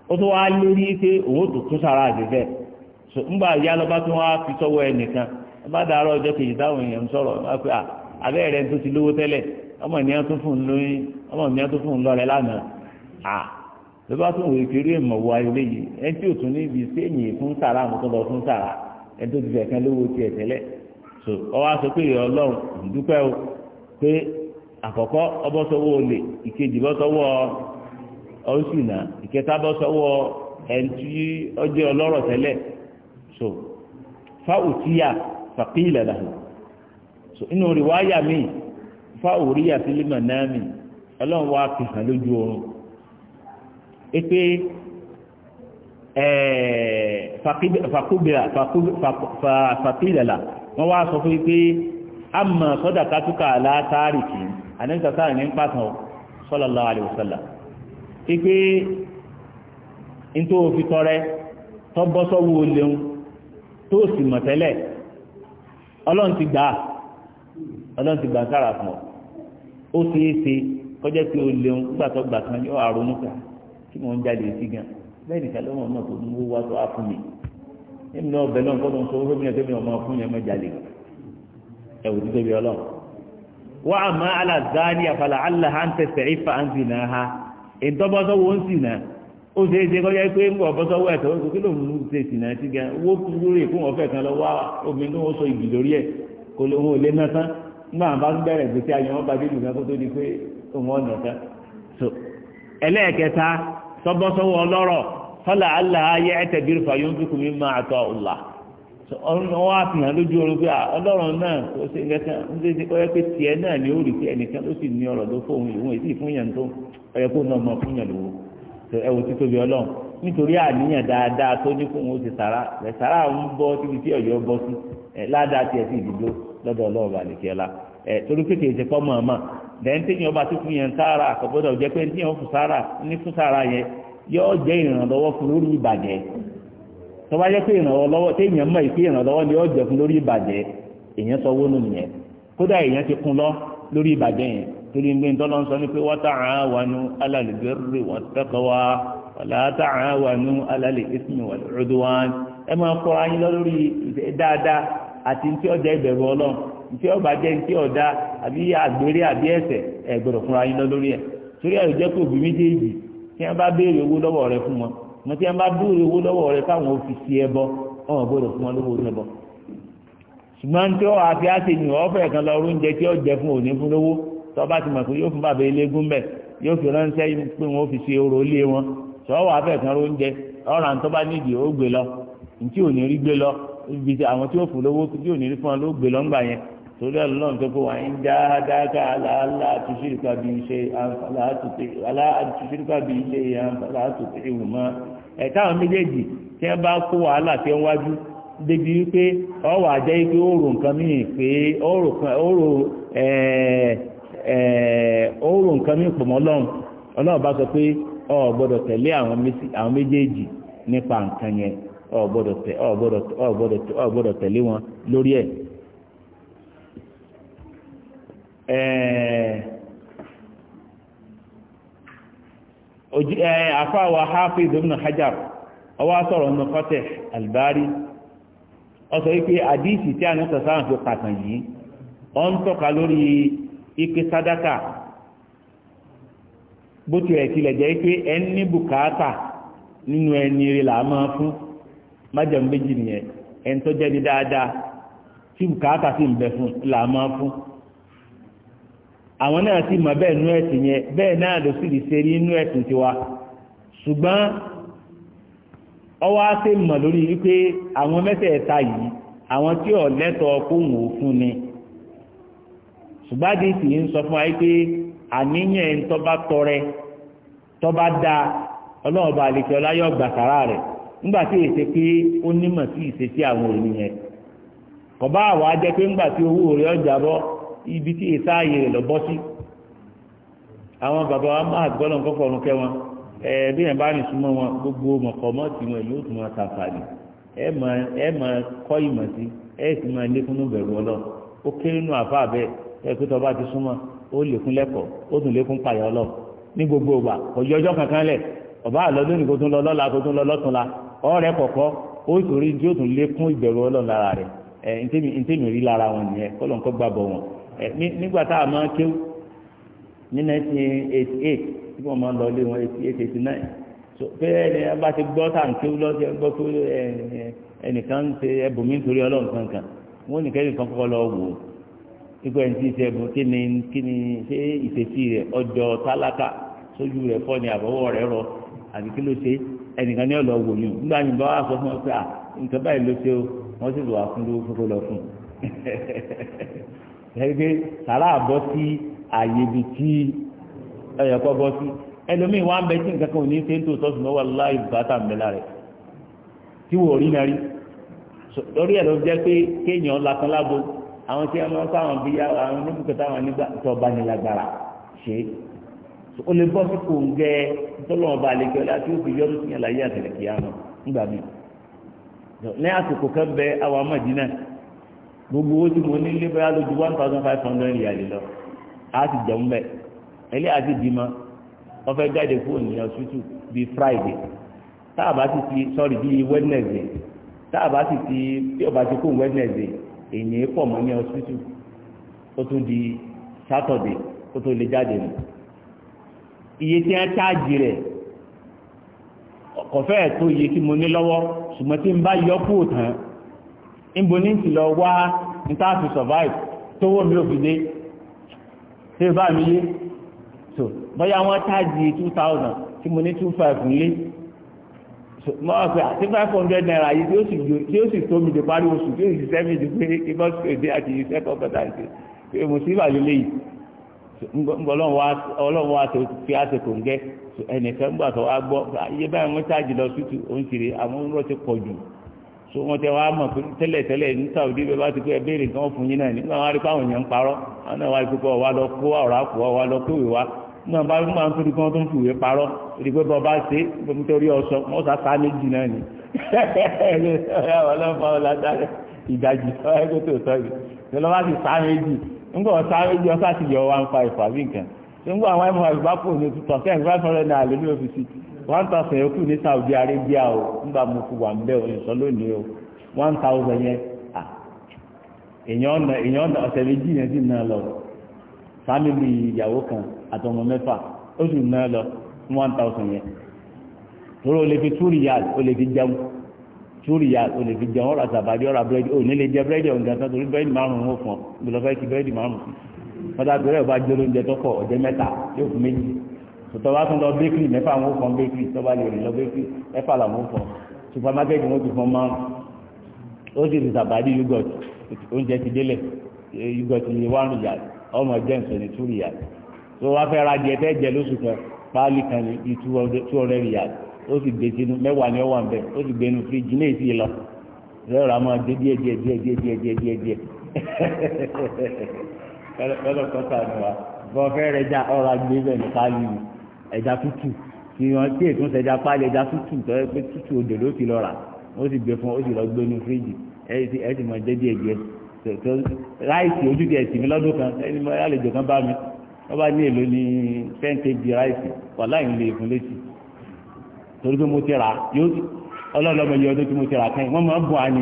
ó tún wá pé òun tó tún sára lọ́ba fi sọ́wọ́ ẹnìkan bá dàárọ̀ ọjọ́ kejì táwọn èèyàn ń sọ̀rọ̀ pé àbẹ́ tó ti lówó tẹ́lẹ̀ ọmọ ènìyàn tó fún un lóyún ọmọ ènìyàn tó fún so ọwọ́ aṣọ pé ìrẹ̀ ọlọ́run ìdúpẹ́ o pé àkọ́kọ́ ọbọ̀ sọ́wọ́ olè ìkejì bọ́ sọ́wọ́ ọ̀ṣìnà ìkẹta bọ́ sọ́wọ́ ẹ̀ǹtí ọjọ́ ọlọ́rọ̀ tẹ́lẹ̀ so fáwùtíyà fàkìlà so inú rìwáyà mi fáwùríyà fílímà náà mi ọlọ́run wá fi lójú oorun ètè wọ́n wá sọ fún pé a mọ̀ sọ́dà kátúkà látàrí kì í àníkà sáà ní pàtàn sallallahu alaihi wasallam pípé nítorí òfin tọrẹ tọ́bọ́sọ́wọ́ tó sì mọ̀ tẹ́lẹ̀ si ti sára fún ọ o èmi náà bẹ̀rẹ̀ náà kọ́kọ́ sọ fún mi àti èmi fún yẹn mẹ́jà ẹ̀wù tó tóbi ọlọ́run. wà á máa aláàzáni àfàlà aláha ń ìfà ń sì náà ha ìtọ́bọ́sọ́wọ́ ń sì náà ó ṣeé ṣe kọjá pé ń bọ̀ bọ́sọ́wọ́ ẹ̀tọ́ oṣù kí ló ń ṣe sì náà owó lórí ọ̀fẹ́ kan lọ wá sọ lórí ẹ̀ kò lè lé nígbà bá ń bẹ̀rẹ̀ ayọ̀ wọn bá kó tó fọlá aláha yẹ ẹtẹ bí rufa yóò dúkùú mi máa tọ ọlá wọn a fi lójú ọrùn pé ọlọ́run náà nǹkan ṣe ṣe ọyọ pé náà ni ó rí ló sì ní ló fóun èsì fún yàn tó ọyọ fún yàn ẹ wò títóbi nítorí àníyàn dáadáa tó ní fóun ó sàrà ẹ sàrà ń síbi tí sí ẹ ládàá la ẹ torí pé ṣe yóò jẹ́ ìrànlọ́wọ́ fún lórí ìbàjẹ́ tó bá jẹ́ pé ìrànlọ́wọ́ téèyàn mọ̀ pé ìrànlọ́wọ́ ni yóò jẹ́ fún lórí ìbàjẹ́ èyàn sọ kódà ti kún lórí ìbàjẹ́ yẹn torí gbé ńtọ́ ni pé wa ta'awanu 'alal birri wa ẹ máa kọ́ ayé lọ lórí dáadáa àti ntí ọjà ìbẹ̀rù ọlọ́run ntí ọba jẹ́ ntí ọ̀dá tí wọ́n bá béèrè owó lọ́wọ́ rẹ fún wọn mo tí wọ́n bá béèrè owó lọ́wọ́ rẹ káwọn òfin sí ẹbọ wọn ò fún wọn lówó ṣùgbọ́n tí ó àti àti ní ọ̀fẹ́ kan lọ oúnjẹ tí ó jẹ fún òní fún lówó tó bá ti mọ̀ pé yóò fún bàbá bẹ̀ yóò fi ránṣẹ́ pé lọ torí ọlọ́run tó kó wà ń já ala ala bí iṣẹ́ aláàtúnṣírìkà bí iṣẹ́ aláàtúnṣírìkà ẹ̀ka àwọn méjèèjì tí wọ́n bá kó wàhálà tí wọ́n wájú débi wípé ọwọ́ àjẹ́ wípé ó rò nǹkan míì pé ó rò nǹkan pọ̀ mọ́ ọlọ́run ọlọ́run bá sọ pé ọ gbọ́dọ̀ tẹ̀lé àwọn Eh, eh, àfáwà hafiz ibn hajar ọwá sọ̀rọ̀ nínú fatih albari ọtọ ikpe àdíìsì tí a ní sọ̀sáà fi pàtàn yìí ọ ń tọ́ka lórí sadaka bó tilẹ̀ tilẹ̀ jẹ́ pé ẹni nínú ẹni rẹ̀ là máa fún májàmbéjì nìyẹn ẹni tó jẹ́ dáadáa tí àwọn náà ti ma bẹ́ẹ̀ nú yẹn bẹ́ẹ̀ náà lọ sí lè rí nú tiwa ṣùgbọ́n ọwọ́ á ṣe mọ̀ lórí wípé àwọn mẹsẹẹta yìí àwọn tí ò lẹ́tọ̀ọ́ kó wò ó fún ni ṣùgbọ́n àdìsí ń sọ fún wa da tí èsè pé ó sí àwọn ènìyàn àwọn ibi tí èsà ààyè rẹ̀ lọ bọ́ àwọn bàbá wa máa gbọ́dọ̀ nǹkan fọ̀run kẹ́ wọn ẹ̀ẹ́dẹ́ yẹn bá rìn súnmọ́ wọn gbogbo mọ̀kọ́mọ́ tí wọn yóò wọn tàfàlì ẹ máa kọ́ ìmọ̀ sí ẹ sì máa lékún nù àfa ẹ pé ti súnmọ́ ó lẹ́kọ̀ọ́ ní gbogbo ìgbà ọjọ́ kankan lẹ̀ ọba lọ lọ́la lọ nígbà tá a ní 1988 tí wọ́n máa lọ lé wọn 88-89 so pé ẹni bá ti gbọ́ tá à ń lọ́sí ẹgbọ́ tó ẹnìkan ṣe ẹbùnmí nítorí ọlọ́run kankan wọ́n nìkan ẹnìkan kọ́kọ́ lọ wò ó nígbà tí ẹbùn kí ni kí ni ṣé ìṣesí ọjọ́ tálákà sójú fọ́ ni àbọ̀wọ́ rọ kí ló ṣe ẹnìkan ní ọ̀lọ́ wò yìí nígbà yìí bá wà sọ ẹgbẹ́ sàrà àbọ́ sí àyè ibi tí ẹ̀yọ̀ kọ́ bọ́ sí ẹlòmíì wá ń bẹ tí nǹkan kan ò ní ṣe ń tò sọ́sùn lọ́wọ́ láì bàtà ń bẹ lára tí wò rí náà rí lórí ẹ̀ ló jẹ́ pé kéèyàn lakan lábo àwọn tí wọ́n sáwọn bí àwọn oníbùkẹ́tà wọn nígbà tó bá ní lágbára ṣe o lè bọ́ sí kò ń gẹ tọ́lọ́wọ́n bá lè gbẹ láti ó fi yọ́rù sí yàn láyé àtẹ̀lẹ̀kì yàn náà nígbà míì ní àsìkò kan bẹ àwọn Mádínà gbogbo owó tí mo ní ilé lójú one thousand five hundred yàrá lọ á ti jẹun bẹ ẹlẹ́yà ti bímọ wọ́n fẹ́ jáde kúrò ní ọ̀ṣútù bíi friday tá a bá ti ti sorry bíi wednesday tá a bá ti ti bí ọba ti kó wednesday èyí pọ̀ mọ́ ní ọ̀ṣútù ó tún di saturday ó tó lè jáde nù iye tí wọ́n ṣáàjì rẹ̀ kọ̀fẹ́ tó iye tí mo ní lọ́wọ́ ṣùgbọ́n tí n bá yọ kúrò tán níbo ní ti lọ wá níta fi survive tówó mi ò fi dé ṣé bá mi yé so bóyá wọ́n táàjì two thousand tí mo ní two five nílé so mo wá pé àti ah, five hundred naira yìí tí ó sì tó mi dé parí oṣù tí ó sì sẹ́mi dé pé ibà ṣèdè àti iṣẹ́ kọ́kọ́tà ṣe pé mo sì wà lélẹ́yìí ọlọ́run wa tó fi àṣẹ kò ń gẹ́ ẹnìkan gbà tó wá gbọ́ iye báyìí wọ́n táàjì lọ tútù òun kiri àwọn ọ̀rọ̀ ti pọ̀ jù so wọn tẹ wá mọ̀ pé tẹ́lẹ̀tẹ́lẹ̀ ní Saudi bẹ́ẹ̀ bá ti pé ẹbẹrẹ nǹkan fún yín náà nígbà wọn rí pàwọn èèyàn ń parọ́ wọn náà wá pípọ wá lọ kó ọ̀rọ̀ àpò wá lọ kó ìwé wá nígbà bá wọn máa ń tó di kí wọn tó ń fi ìwé parọ́ èdè pé bọba ṣe nítorí ọsọ wọn sá sá méjì náà ni ọlọ́pàá ọlọdàrẹ ìdajì ọyọ tó sọ yìí ìjọba ti sá méjì nígbà wọn sá méjì ọsá ti yọ one five àbí nǹkan nígbà wọn mọ ìbápò ní tutọ one thousand yẹn kù ní Saudi Arabia o nígbà mo fi wà mbẹ òyìn sọ lónìí o one thousand yẹn à èèyàn ọ̀nà èèyàn ọ̀nà ọ̀sẹ̀ méjì yẹn sì náà lọ fámìlì ìyàwó kan àtọmọ mẹ́fà ó sì náà lọ ní one thousand yẹn lórí o lè fi two riyal o lè fi jẹun two riyal o lè fi jẹun ọ̀rọ̀ àtàbàdì ọ̀rọ̀ àbúrẹ́dì ò ní lè jẹ búrẹ́dì ọ̀gá tán torí búrẹ́dì márùn-ún ó fún ọ ìgbọ̀lọ́fẹ́ kí búrẹ́dì márùn-ún fún ọ tòtọ́ bá tún lọ bakery mẹ́fà wọn fọ́n bakery tó bá lè rìn lọ bakery mẹ́fà làwọn fọ́n supermarket wọn ti fọ́n márùn ó sì ti sàbádì yogurt oúnjẹ ti délẹ̀ e, yogurt ní one yard ọmọ james ní two yard tó wá fẹ́ ra jẹ tẹ́ jẹ lóṣù kan páálí kan ní two hundred yard ó sì gbé sínú mẹ́wàá ni ó wà ń bẹ̀ ó sì gbé inú fíríjì náà sì lọ lẹ́yìn rà máa dé díẹ̀ díẹ̀ díẹ̀ díẹ̀ díẹ̀ díẹ̀ díẹ̀ díẹ̀ kọ́lọ́kọ́ta ni wa bọ́ fẹ́ rẹ̀ já ọ̀rọ̀ agbébẹ̀ ní páálí yìí ẹja tútù kí wọn tí ètò ìṣẹjà páálí ẹja tútù tó yẹ pé tútù odò ló ti lọ rà ó sì gbé fún ó sì lọ gbé ní fíríjì ẹ sì mọ jẹ díẹ̀ díẹ̀ tó ráìsì ojú díẹ̀ sí mi lọ́dún kan ẹni mo àlejò kan bá mi wọ́n bá ní èlò ní ten kg ráìsì wàhálà yìí lè e fún létí torí pé mo ti rà yóò ọlọ́lọ́mọ yìí ọdún tí mo ti rà kẹ́yìn wọ́n máa ń bọ̀ àní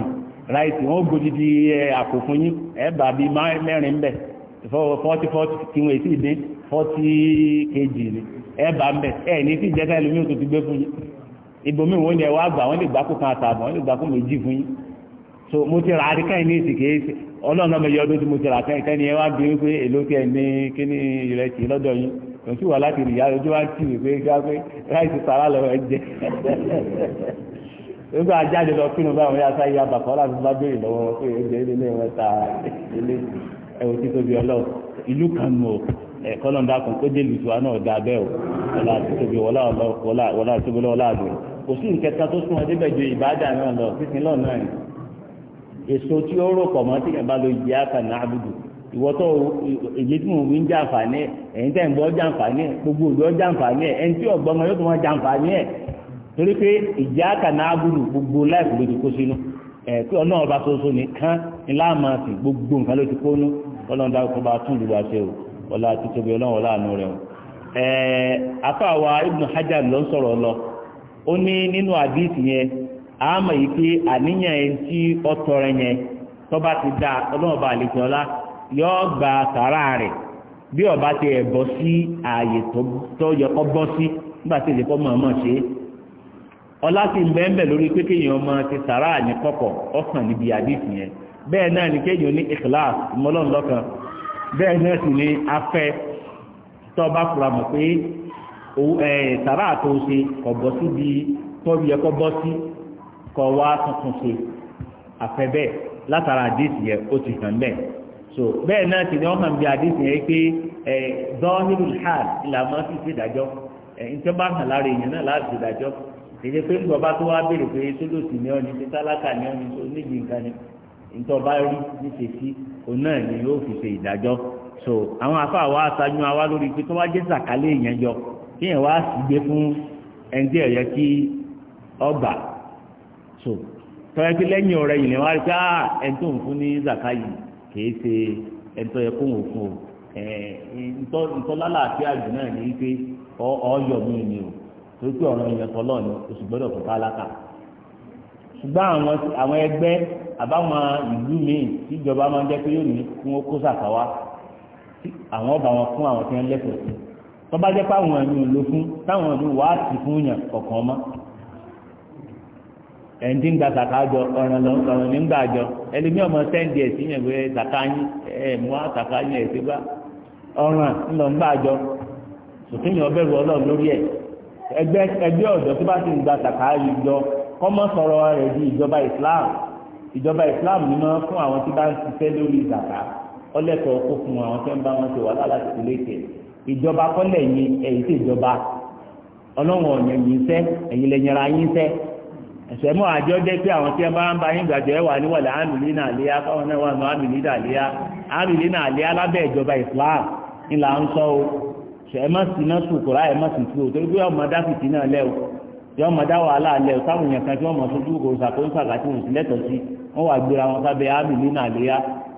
ráìsì wọ́n gbòdì di àpò fún yín ẹ̀ bà bíi mẹ́rin ń bẹ̀ fọ́tí fọ́tí kí wọ́n èsì dín fọ́tí kg ni ẹ bá ń bẹ̀ ẹ ní sí ti gbé fún yín ibòmíì wọn ni ẹ wá gbà wọ́n lè gbà kó kan àtààbọ̀ wọ́n lè gbà kó méjì fún yín so mo ti ra àríkàyìn ní ìsìnkè ọlọ́run náà mẹ́yọ ọdún tí mo ti rà kẹ́yìn kẹ́ni ẹ wá bí wípé èló tí ẹ ní kíní ìrẹsì lọ́dọ̀ yín kò sí wà láti rìyá ojú wa kì í pé gbàgbé ráìsì sàrà lọ́wọ́ ẹ jẹ nígbà ajáde lọ kírun báwọn yá sáyé abàkọ́ láti bá béèrè lọ́wọ́ pé oúnjẹ ilé náà wọ́n ta ilé ẹ̀wọ̀n tí tóbi ìlú kan nù ẹ̀kọ́ lọ́nà dákun kó dé lùtù àná ọ̀dà bẹ́ẹ̀ o wọlá àtúntòbí wọlá wọlá àtúntòbí wọlá àdùn kò sí nkẹta tó sún ọdẹ ju ìbáàdà náà lọ sísìn lọ́ọ̀ náà ni èso tí ó rò pọ̀ mọ́ tí kẹ̀ bá lo yìí àkà náà àbùdù ìwọ́tọ̀ èyí tí mo wí ń jàǹfààní ẹ̀ ẹ̀yìn tẹ̀ ń gbọ́ jàǹfààní ẹ̀ gbogbo òdò jàǹfààní ẹ̀ ẹni tí ọ̀gbọ́n yóò tún wọn jàǹfààní ẹ̀ torí pé ìjà àkànná agbúrú gbogbo láìpẹ́ ló ti kó sínú ẹ̀ pé ọlọ́run ọba ṣoṣo nìkan ńlá máa sìn gbogbo nǹkan ló ti kó nú ọlọ́run dáwọ́ kó bá tún lù wá ṣe o. ọlá títóbi ọlọ́run láàánú rẹ̀ ẹ̀ẹ́ afáwa ibn hajar ló sọ̀rọ̀ lọ ó ní nínú àdíìsì yẹn àmọ̀ yìí pé àníyàn ẹ̀ tí ọ tọrẹ yẹn tó bá ti dá ọlọ́run bá ọlá yọ gba sàárà rẹ̀ bí ọba ti ẹ̀ bọ́ sí ààyè tó yẹ bọ́ sí nígbà tí èdèkọ́ ṣe ọlá ń bẹ́ẹ̀ lórí pé kéèyàn ọmọ ti ní kọ̀kọ̀ ọ̀sán níbi yẹn bẹ́ẹ̀ náà bẹ́ẹ̀ náà sì ni afẹ́ tó bá fura mọ̀ pé sàrà àtò ṣe kọ̀ bọ́ síbi tó yẹ kọ́ bọ́ sí kọ́ wá tuntun ṣe afẹ́ bẹ́ẹ̀ látara àdéhìí yẹ ó ti hàn bẹ́ẹ̀ so bẹ́ẹ̀ náà sì ni wọ́n hàn bí àdéhìí yẹ pé dọ́hìrù hàn ìlànà sì ṣe ìdájọ́ ìṣe bá hàn lára èèyàn náà láti ṣe ìdájọ́ èdè pé ń gbọ́ bá tó wá béèrè pé sólòsì ni ọ́ ni ṣe tálákà ni ọ́ ni nítorí ọba rí níṣe sí òun náà ni yóò fi ṣe ìdájọ́ so àwọn afa wa aṣáájú wa lórí pé kí wọ́n jẹ́ sàkálẹ̀ èèyàn jọ kí èèyàn wá sì gbé fún ẹni tí ẹ̀yẹ kí ọgbà so tọ́yẹ pé lẹ́yìn ọ̀rẹ́ yìí lè wá rí pé á ah, ẹni tó ń fún ní zaka yìí kìí ṣe ẹni tó yẹ kó wò fún o ntọ́lálà àti àjù náà ní pé ọ̀ọ́yọ̀ mi ni o torí pé ọ̀rọ̀ ìyẹn tọ́lọ́ ni oṣù gbọ́dọ̀ fún tálákà ṣùgbọ́n àwọn ẹgbẹ́ àbáwọn ìlú míì tíjọba máa ń jẹ́ pé yóò ní kí wọ́n kó sàkà wá àwọn ọba wọn fún àwọn tí wọ́n lẹ́kọ̀ọ́ sí tó bá jẹ́ pé àwọn ẹ̀yìn ló fún táwọn ọdún wàá ti fún yàn kọ̀ọ̀kan mọ́ ẹni tí ń gba sàkà jọ ọ̀ràn lọ ọ̀ràn ní ń gbà jọ ẹlẹ́mí ọmọ sẹ́ńdì ẹ̀ sí yàn pé sàkà yín ẹ̀ mú wá sàkà yín ẹ̀ sí bá ọ̀ràn ńlọ ń gbà jọ sòtún yàn bẹ̀rù ọlọ́run lórí ẹ̀ ẹgbẹ́ ẹgbẹ́ ọ̀dọ́ tó bá ti ń gba sàkà yìí jọ kọ́mọ́ sọ̀rọ̀ rẹ̀ di ìjọba Islam ìjọba islam ni máa fún àwọn tí bá ń ṣiṣẹ́ lórí zaka ọlẹ́tọ̀ọ́ kó fún àwọn tí ń bá wọn ṣe wàhálà láti fi léèkè ìjọba kọ́lẹ̀ yín ẹ̀yìn tí ìjọba ọlọ́wọ̀n ọ̀yàn yín sẹ́ ẹ̀yìn lẹ́yìn ara yín sẹ́ ẹ̀sẹ̀ mọ́ àjọ jẹ́ pé àwọn tí ẹ bá ń ba yín gbàjọ ẹ̀ wà níwọ̀lẹ̀ àmìlí náà léyà fáwọn náà wà náà àmìlí náà léyà àmìlí náà léyà lábẹ́ ìjọba Islam ńlá ń sọ o ṣe ẹ má sì iná sùn kúrá ẹ má sì tú o torí pé ọmọ dá fìtì náà lẹ́ o yọ ọmọ dá wàhálà lẹ́ o táwọn èèyàn kan tí wọ́n mọ̀ sójú kò sàkóńsàkà tí wọ́n sì lẹ́tọ̀ọ́ sí wọ́n wà gbéra wọn sábẹ́ ámì O àléyá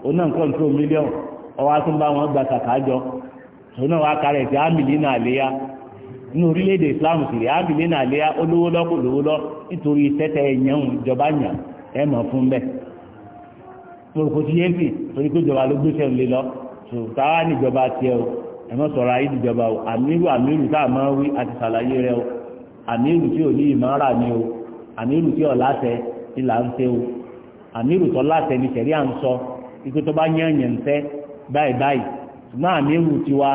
oná nǹkan tó mílíọ̀n ọwọ́ tó ń bá wọn gba sàkájọ oná wà kárẹ̀ sí ámì nínú àléyá ní orílẹ̀-èdè Islam sì rí ámì nínú olówó lówó lọ nítorí tẹ́tẹ́ ìjọba yàn ẹ̀ mọ̀ fún bẹ́ẹ̀ ti yẹn fi torí pé o ẹ̀mọ́ sọ̀rọ̀ ayé ìjọba o tá a o tí ò ní ìmọ̀ràn ni o tí ti là ń àmírù tọ́ láti ẹni tẹ̀lé à ń sọ ikú tó bá yán yẹn tẹ́ báyìí báyìí ṣùgbọ́n àmírù tiwa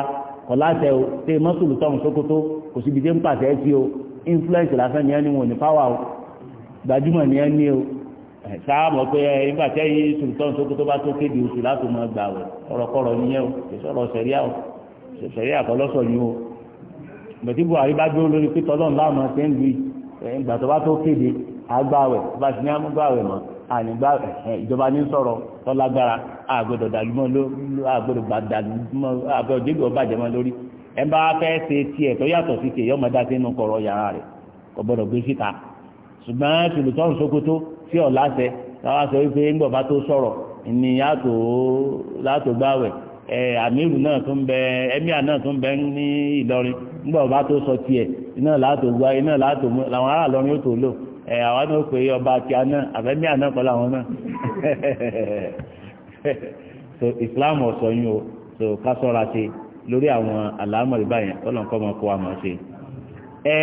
kọ́ láti ẹ̀ tẹ mọ́sùlù tọ́hún sókótó kò síbi tẹ́ ń pàṣẹ sí o influence lásán ni ẹ ní wọn ní pàwà o gbajúmọ̀ ni ẹ ní o sáà mọ̀ pé ẹ nígbà tẹ́ yí sùlùtọ́hún sókótó bá tó kéde oṣù láti mọ gbà wẹ̀ ọ̀rọ̀kọ̀rọ̀ nìyẹn o kò sọ̀rọ̀ sẹ̀ríà o sẹ̀ríà kọ́ lọ́sọ̀ yìí o bẹ̀tí buhari bá gbé olórí pé tọ́lọ́ọ̀ láwọn ọmọ ṣe ń lu ìgbà tó bá tó kéde àgbàwẹ̀ bá ti ní àmúgbàwẹ̀ mọ́ ànígbà ìjọba ní sọ̀rọ̀ tọ́lágbára lọ dàlúmọ́ àgbọ̀dọ̀ débìí lórí ẹ bá fẹ́ ṣe tiẹ̀ tó yàtọ̀ sí tiẹ̀ yọmọ dáṣẹ́ inú kọ̀rọ̀ yàrá rẹ̀ kò gbọ́dọ̀ gbé síta ṣùgbọ́n ọ̀ láṣẹ táwa sọ wípé tó sọ̀rọ̀ bẹ náà bẹ ní Ìlọrin sọ tiẹ̀ iná iná ẹ̀ àwọn náà pé ọba àti àná àfẹ́mí àná pẹ̀lú àwọn náà so islam ọ̀sọ̀ yín o so ká sọ́ra ṣe lórí àwọn àlámọ̀ ìbáyẹn ọlọ́nkọ́ ọmọ kó wa mọ̀ ṣe. ẹ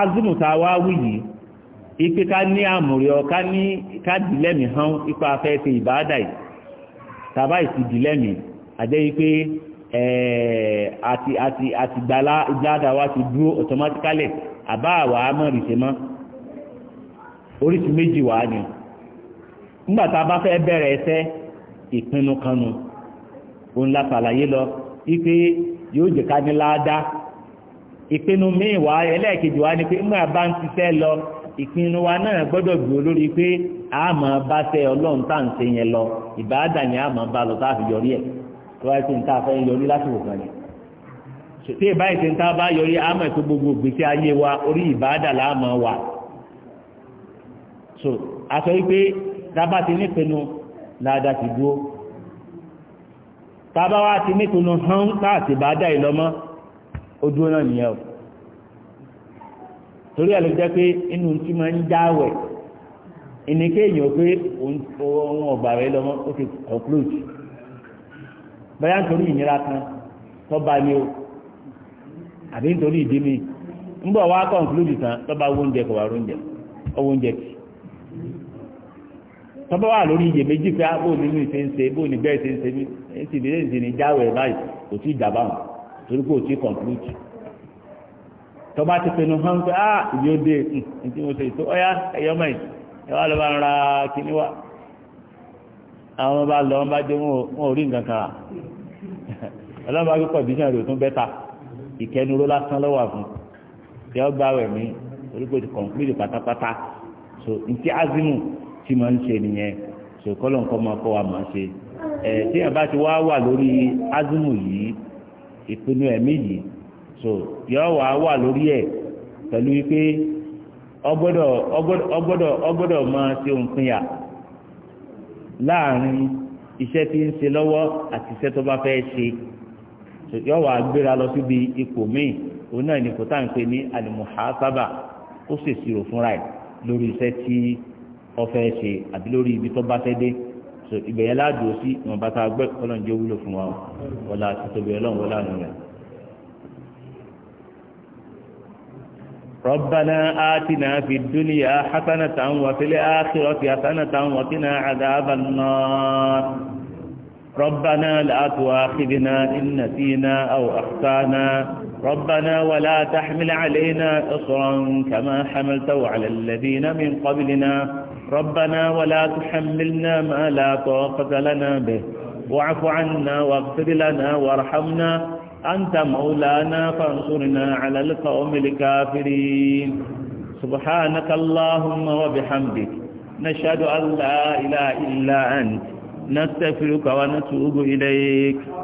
azimu tá a wá wí yìí ipe ká ní àmúrí ọ ká ní ká dìlẹ́mì hán ipa afẹ́ ṣe ìbáàdà yìí tàbá ìsì dìlẹ́mì àjẹ́ yìí pé àti àti àti gbàlá ìgbàdà wa ti dúró automatically àbá àwa amọ̀rìṣẹ́ mọ́ oríṣi méjì wá ni nígbà a bá fẹ́ bẹ̀rẹ̀ ìpinnu kanu òun la lọ ipe yóò jẹ́ ká ní láàdá ìpinnu míì wá ẹlẹ́ẹ̀kejì wá ni pé nígbà bá ń lọ ìpinnu wa náà gbọ́dọ̀ gbòó lórí pé a máa bá fẹ́ ọlọ́run tá lọ ìbáàdà yẹn a máa bá lọ tá a fi yọrí ẹ̀ fẹ́ yọrí lásìkò kan yẹn tí ìbáyìí gbogbo gbèsè ayé wa orí ìbáàdà so aṣọ wípé tábà ti nípinnu láàdá ti dúó tábà wá ti nípinnu hán káàtì bá dá ìlọ́mọ́ ó dúó náà nìyẹn o torí ẹ̀ ló jẹ́ pé inú tí máa ń jáwẹ̀ ìníkéèyàn pé òun ọ̀gbà rẹ̀ lọ́mọ́ ó ti conclude bẹ́yà nítorí ìnira kan tọ́ba ni o àbí nítorí ìdí mi ń bọ̀ wá conclude tán tọ́ba wóúnjẹ kọ̀ wá ọwọ́ oúnjẹ kì í tọ́bọ̀ wà lórí iye méjì pé ah, bó ní inú ìṣe ń ṣe bó ní bẹ́ẹ̀ ṣe ń ṣe mí ẹ sì lè ṣe ní jáwé ẹ̀ báyìí kò tí ì dàbà wọn torí pé ò tí ì kọ̀ǹpútì tọ́ba ti pinnu hàn pé ah ìyó dé n tí mo ṣe ètò ọ̀yá ẹ̀yọ́ mọ̀ yìí ẹ wá lọ bá ń ra kíní wá àwọn bá lọ wọn bá dé wọn ò rí nǹkan kan ọlọ́mọba kí kọ̀ǹdíṣàn rẹ̀ tún bẹ́ta ìkẹnuró lásán lọ́wọ́ àfún tí ọ gbà wẹ̀ mí torí pé pátápátá tí máa ń ṣe nìyẹn sòkòlò nǹkan máa kọ́ wa máa ṣe ẹ̀ tíyẹn bá ti wá wà lórí azumu yìí ìpinnu ẹ̀mí yìí so yọ wà wà lórí ẹ̀ pẹ̀lú wípé ọgbọ́dọ̀ ọgbọ́dọ̀ ọgbọ́dọ̀ máa ṣe òǹpin yà láàrin iṣẹ́ tí ń ṣe lọ́wọ́ àti iṣẹ́ tó bá fẹ́ ṣe yọ wà gbéra lọ síbi ipò míì òun náà ní kò tá à ń pè ní alimuhasaba kó ṣèṣirò fúnra ẹ̀ lórí iṣẹ́ tí ọfẹ́ ṣe àbí lórí ibi tó bá fẹ́ dé so ibẹ̀ yẹn láàdùn sí ìwọ̀n bá ta gbẹ́ ọlọ́run wúlò fún wa wọlá títóbi ọlọ́run wọlá nù rẹ̀. ربنا آتنا في الدنيا حسنة وفي الآخرة حسنة وقنا عذاب النار ربنا لا تؤاخذنا إن نسينا أو أخطأنا ربنا ولا تحمل علينا إصرا كما حملته على الذين من قبلنا ربنا ولا تحملنا ما لا طاقة لنا به واعف عنا واغفر لنا وارحمنا أنت مولانا فانصرنا على القوم الكافرين سبحانك اللهم وبحمدك نشهد أن لا إله إلا أنت نستغفرك ونتوب إليك